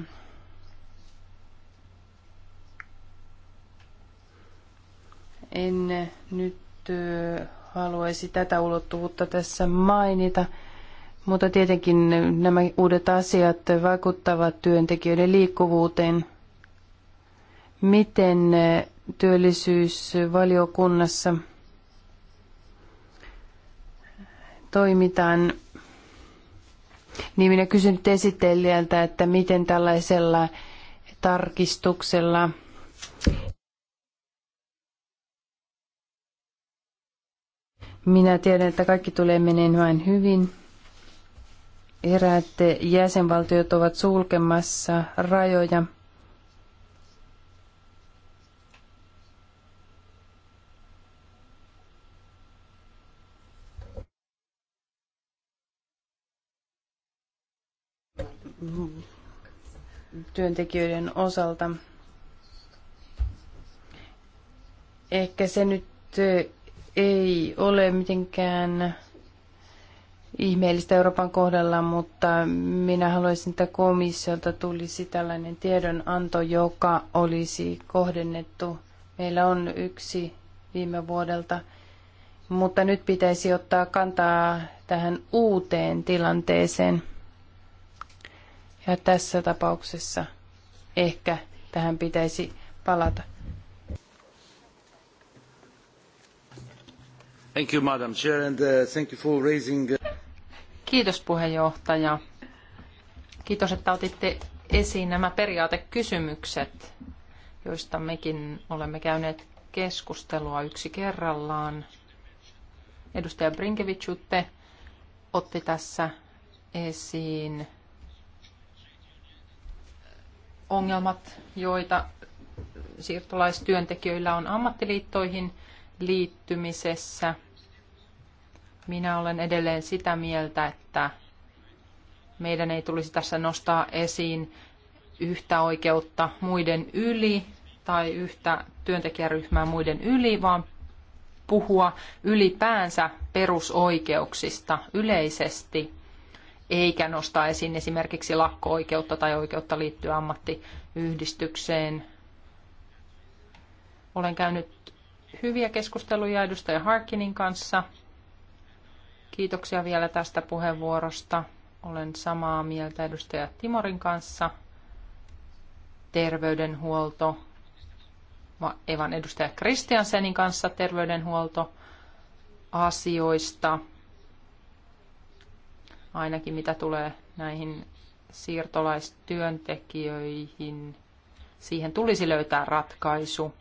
en nyt haluaisi tätä ulottuvuutta tässä mainita. Mutta tietenkin nämä uudet asiat vaikuttavat työntekijöiden liikkuvuuteen. Miten työllisyysvaliokunnassa toimitaan? Niin minä kysyn esittelijältä, että miten tällaisella tarkistuksella Minä tiedän, että kaikki tulee meneen vain hyvin. Eräät jäsenvaltiot ovat sulkemassa rajoja. työntekijöiden osalta. Ehkä se nyt ei ole mitenkään ihmeellistä Euroopan kohdalla, mutta minä haluaisin, että komissiolta tulisi tällainen tiedonanto, joka olisi kohdennettu. Meillä on yksi viime vuodelta, mutta nyt pitäisi ottaa kantaa tähän uuteen tilanteeseen. Ja tässä tapauksessa ehkä tähän pitäisi palata. Thank you, Madam Chair, and uh, thank you for raising... Uh Kiitos puheenjohtaja. Kiitos, että otitte esiin nämä periaatekysymykset, joista mekin olemme käyneet keskustelua yksi kerrallaan. Edustaja Brinkevichutte otti tässä esiin ongelmat, joita siirtolaistyöntekijöillä on ammattiliittoihin – liittymisessä. Minä olen edelleen sitä mieltä, että meidän ei tulisi tässä nostaa esiin yhtä oikeutta muiden yli tai yhtä työntekijäryhmää muiden yli, vaan puhua ylipäänsä perusoikeuksista yleisesti, eikä nostaa esiin esimerkiksi lakko-oikeutta tai oikeutta liittyä ammattiyhdistykseen. Olen käynyt hyviä keskusteluja edustaja Harkinin kanssa. Kiitoksia vielä tästä puheenvuorosta. Olen samaa mieltä edustaja Timorin kanssa. Terveydenhuolto. Evan edustaja Kristiansenin kanssa terveydenhuolto asioista. Ainakin mitä tulee näihin siirtolaistyöntekijöihin. Siihen tulisi löytää ratkaisu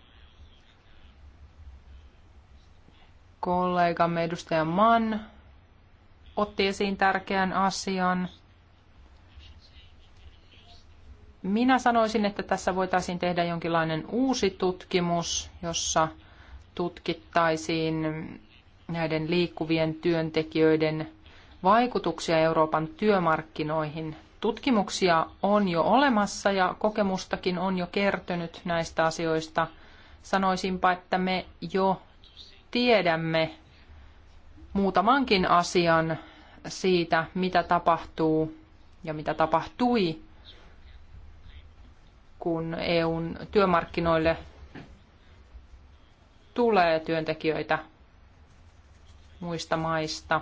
kollegamme edustaja Mann otti esiin tärkeän asian. Minä sanoisin, että tässä voitaisiin tehdä jonkinlainen uusi tutkimus, jossa tutkittaisiin näiden liikkuvien työntekijöiden vaikutuksia Euroopan työmarkkinoihin. Tutkimuksia on jo olemassa ja kokemustakin on jo kertynyt näistä asioista. Sanoisinpa, että me jo tiedämme muutamankin asian siitä, mitä tapahtuu ja mitä tapahtui, kun EUn työmarkkinoille tulee työntekijöitä muista maista.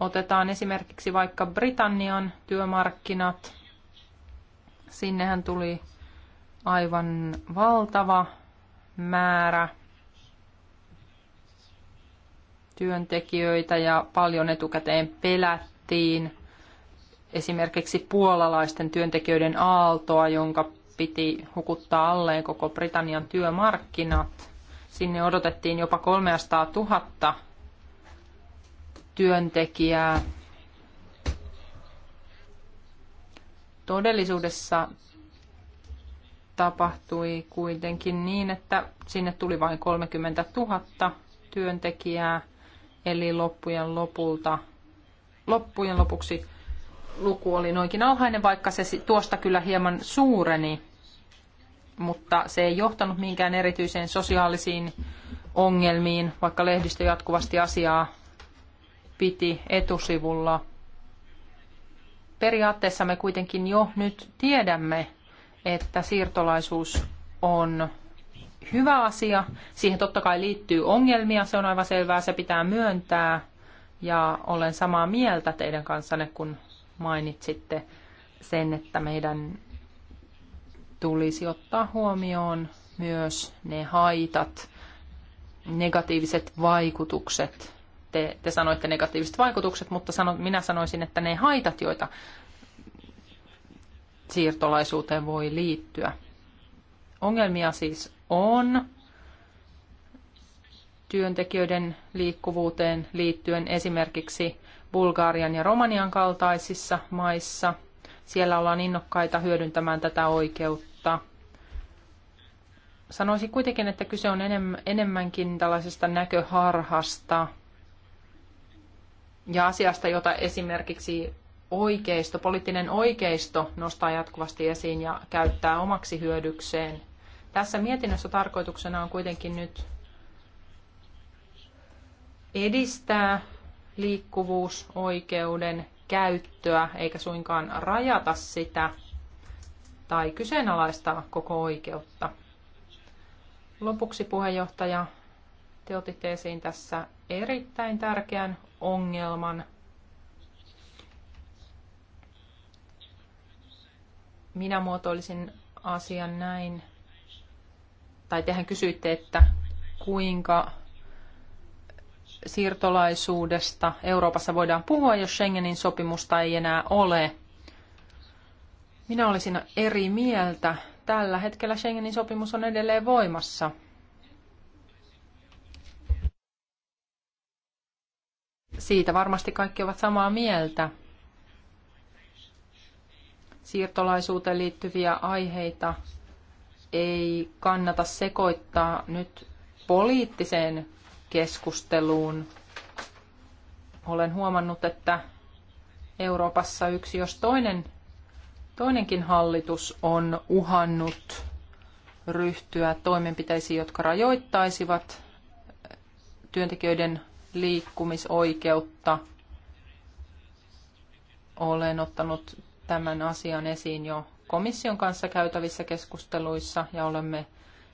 Otetaan esimerkiksi vaikka Britannian työmarkkinat. Sinnehän tuli aivan valtava määrä työntekijöitä ja paljon etukäteen pelättiin esimerkiksi puolalaisten työntekijöiden aaltoa, jonka piti hukuttaa alleen koko Britannian työmarkkinat. Sinne odotettiin jopa 300 000 työntekijää. Todellisuudessa tapahtui kuitenkin niin, että sinne tuli vain 30 000 työntekijää. Eli loppujen lopulta, loppujen lopuksi luku oli noinkin alhainen, vaikka se tuosta kyllä hieman suureni, mutta se ei johtanut minkään erityiseen sosiaalisiin ongelmiin, vaikka lehdistö jatkuvasti asiaa piti etusivulla. Periaatteessa me kuitenkin jo nyt tiedämme, että siirtolaisuus on hyvä asia. Siihen totta kai liittyy ongelmia, se on aivan selvää, se pitää myöntää. Ja olen samaa mieltä teidän kanssanne, kun mainitsitte sen, että meidän tulisi ottaa huomioon myös ne haitat, negatiiviset vaikutukset. Te, te sanoitte negatiiviset vaikutukset, mutta sano, minä sanoisin, että ne haitat, joita siirtolaisuuteen voi liittyä. Ongelmia siis on työntekijöiden liikkuvuuteen liittyen esimerkiksi Bulgarian ja Romanian kaltaisissa maissa. Siellä ollaan innokkaita hyödyntämään tätä oikeutta. Sanoisin kuitenkin, että kyse on enemmänkin tällaisesta näköharhasta ja asiasta, jota esimerkiksi oikeisto, poliittinen oikeisto nostaa jatkuvasti esiin ja käyttää omaksi hyödykseen – tässä mietinnössä tarkoituksena on kuitenkin nyt edistää liikkuvuusoikeuden käyttöä, eikä suinkaan rajata sitä tai kyseenalaistaa koko oikeutta. Lopuksi puheenjohtaja, te otitte esiin tässä erittäin tärkeän ongelman. Minä muotoilisin asian näin, tai tehän kysyitte, että kuinka siirtolaisuudesta Euroopassa voidaan puhua, jos Schengenin sopimusta ei enää ole. Minä olisin eri mieltä. Tällä hetkellä Schengenin sopimus on edelleen voimassa. Siitä varmasti kaikki ovat samaa mieltä. Siirtolaisuuteen liittyviä aiheita ei kannata sekoittaa nyt poliittiseen keskusteluun. Olen huomannut, että Euroopassa yksi jos toinen, toinenkin hallitus on uhannut ryhtyä toimenpiteisiin, jotka rajoittaisivat työntekijöiden liikkumisoikeutta. Olen ottanut tämän asian esiin jo komission kanssa käytävissä keskusteluissa ja olemme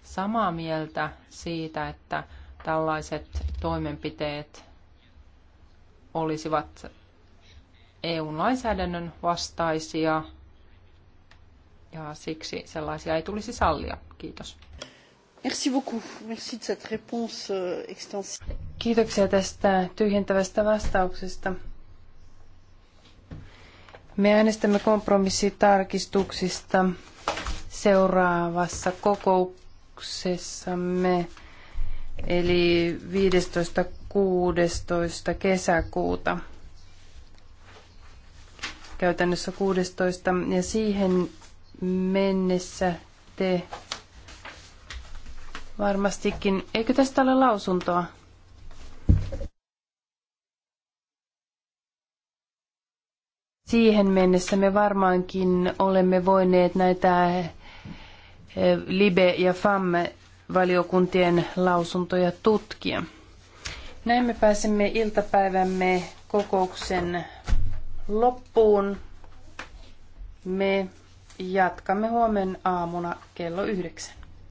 samaa mieltä siitä, että tällaiset toimenpiteet olisivat EUn lainsäädännön vastaisia ja siksi sellaisia ei tulisi sallia. Kiitos. Merci beaucoup. Merci de cette réponse euh, extensive. Kiitoksia tästä tyhjentävästä vastauksesta. Me äänestämme kompromissitarkistuksista seuraavassa kokouksessamme, eli 15.16. kesäkuuta. Käytännössä 16. Ja siihen mennessä te varmastikin, eikö tästä ole lausuntoa? Siihen mennessä me varmaankin olemme voineet näitä eh, Libe- ja FAM-valiokuntien lausuntoja tutkia. Näin me pääsemme iltapäivämme kokouksen loppuun. Me jatkamme huomenna aamuna kello yhdeksän.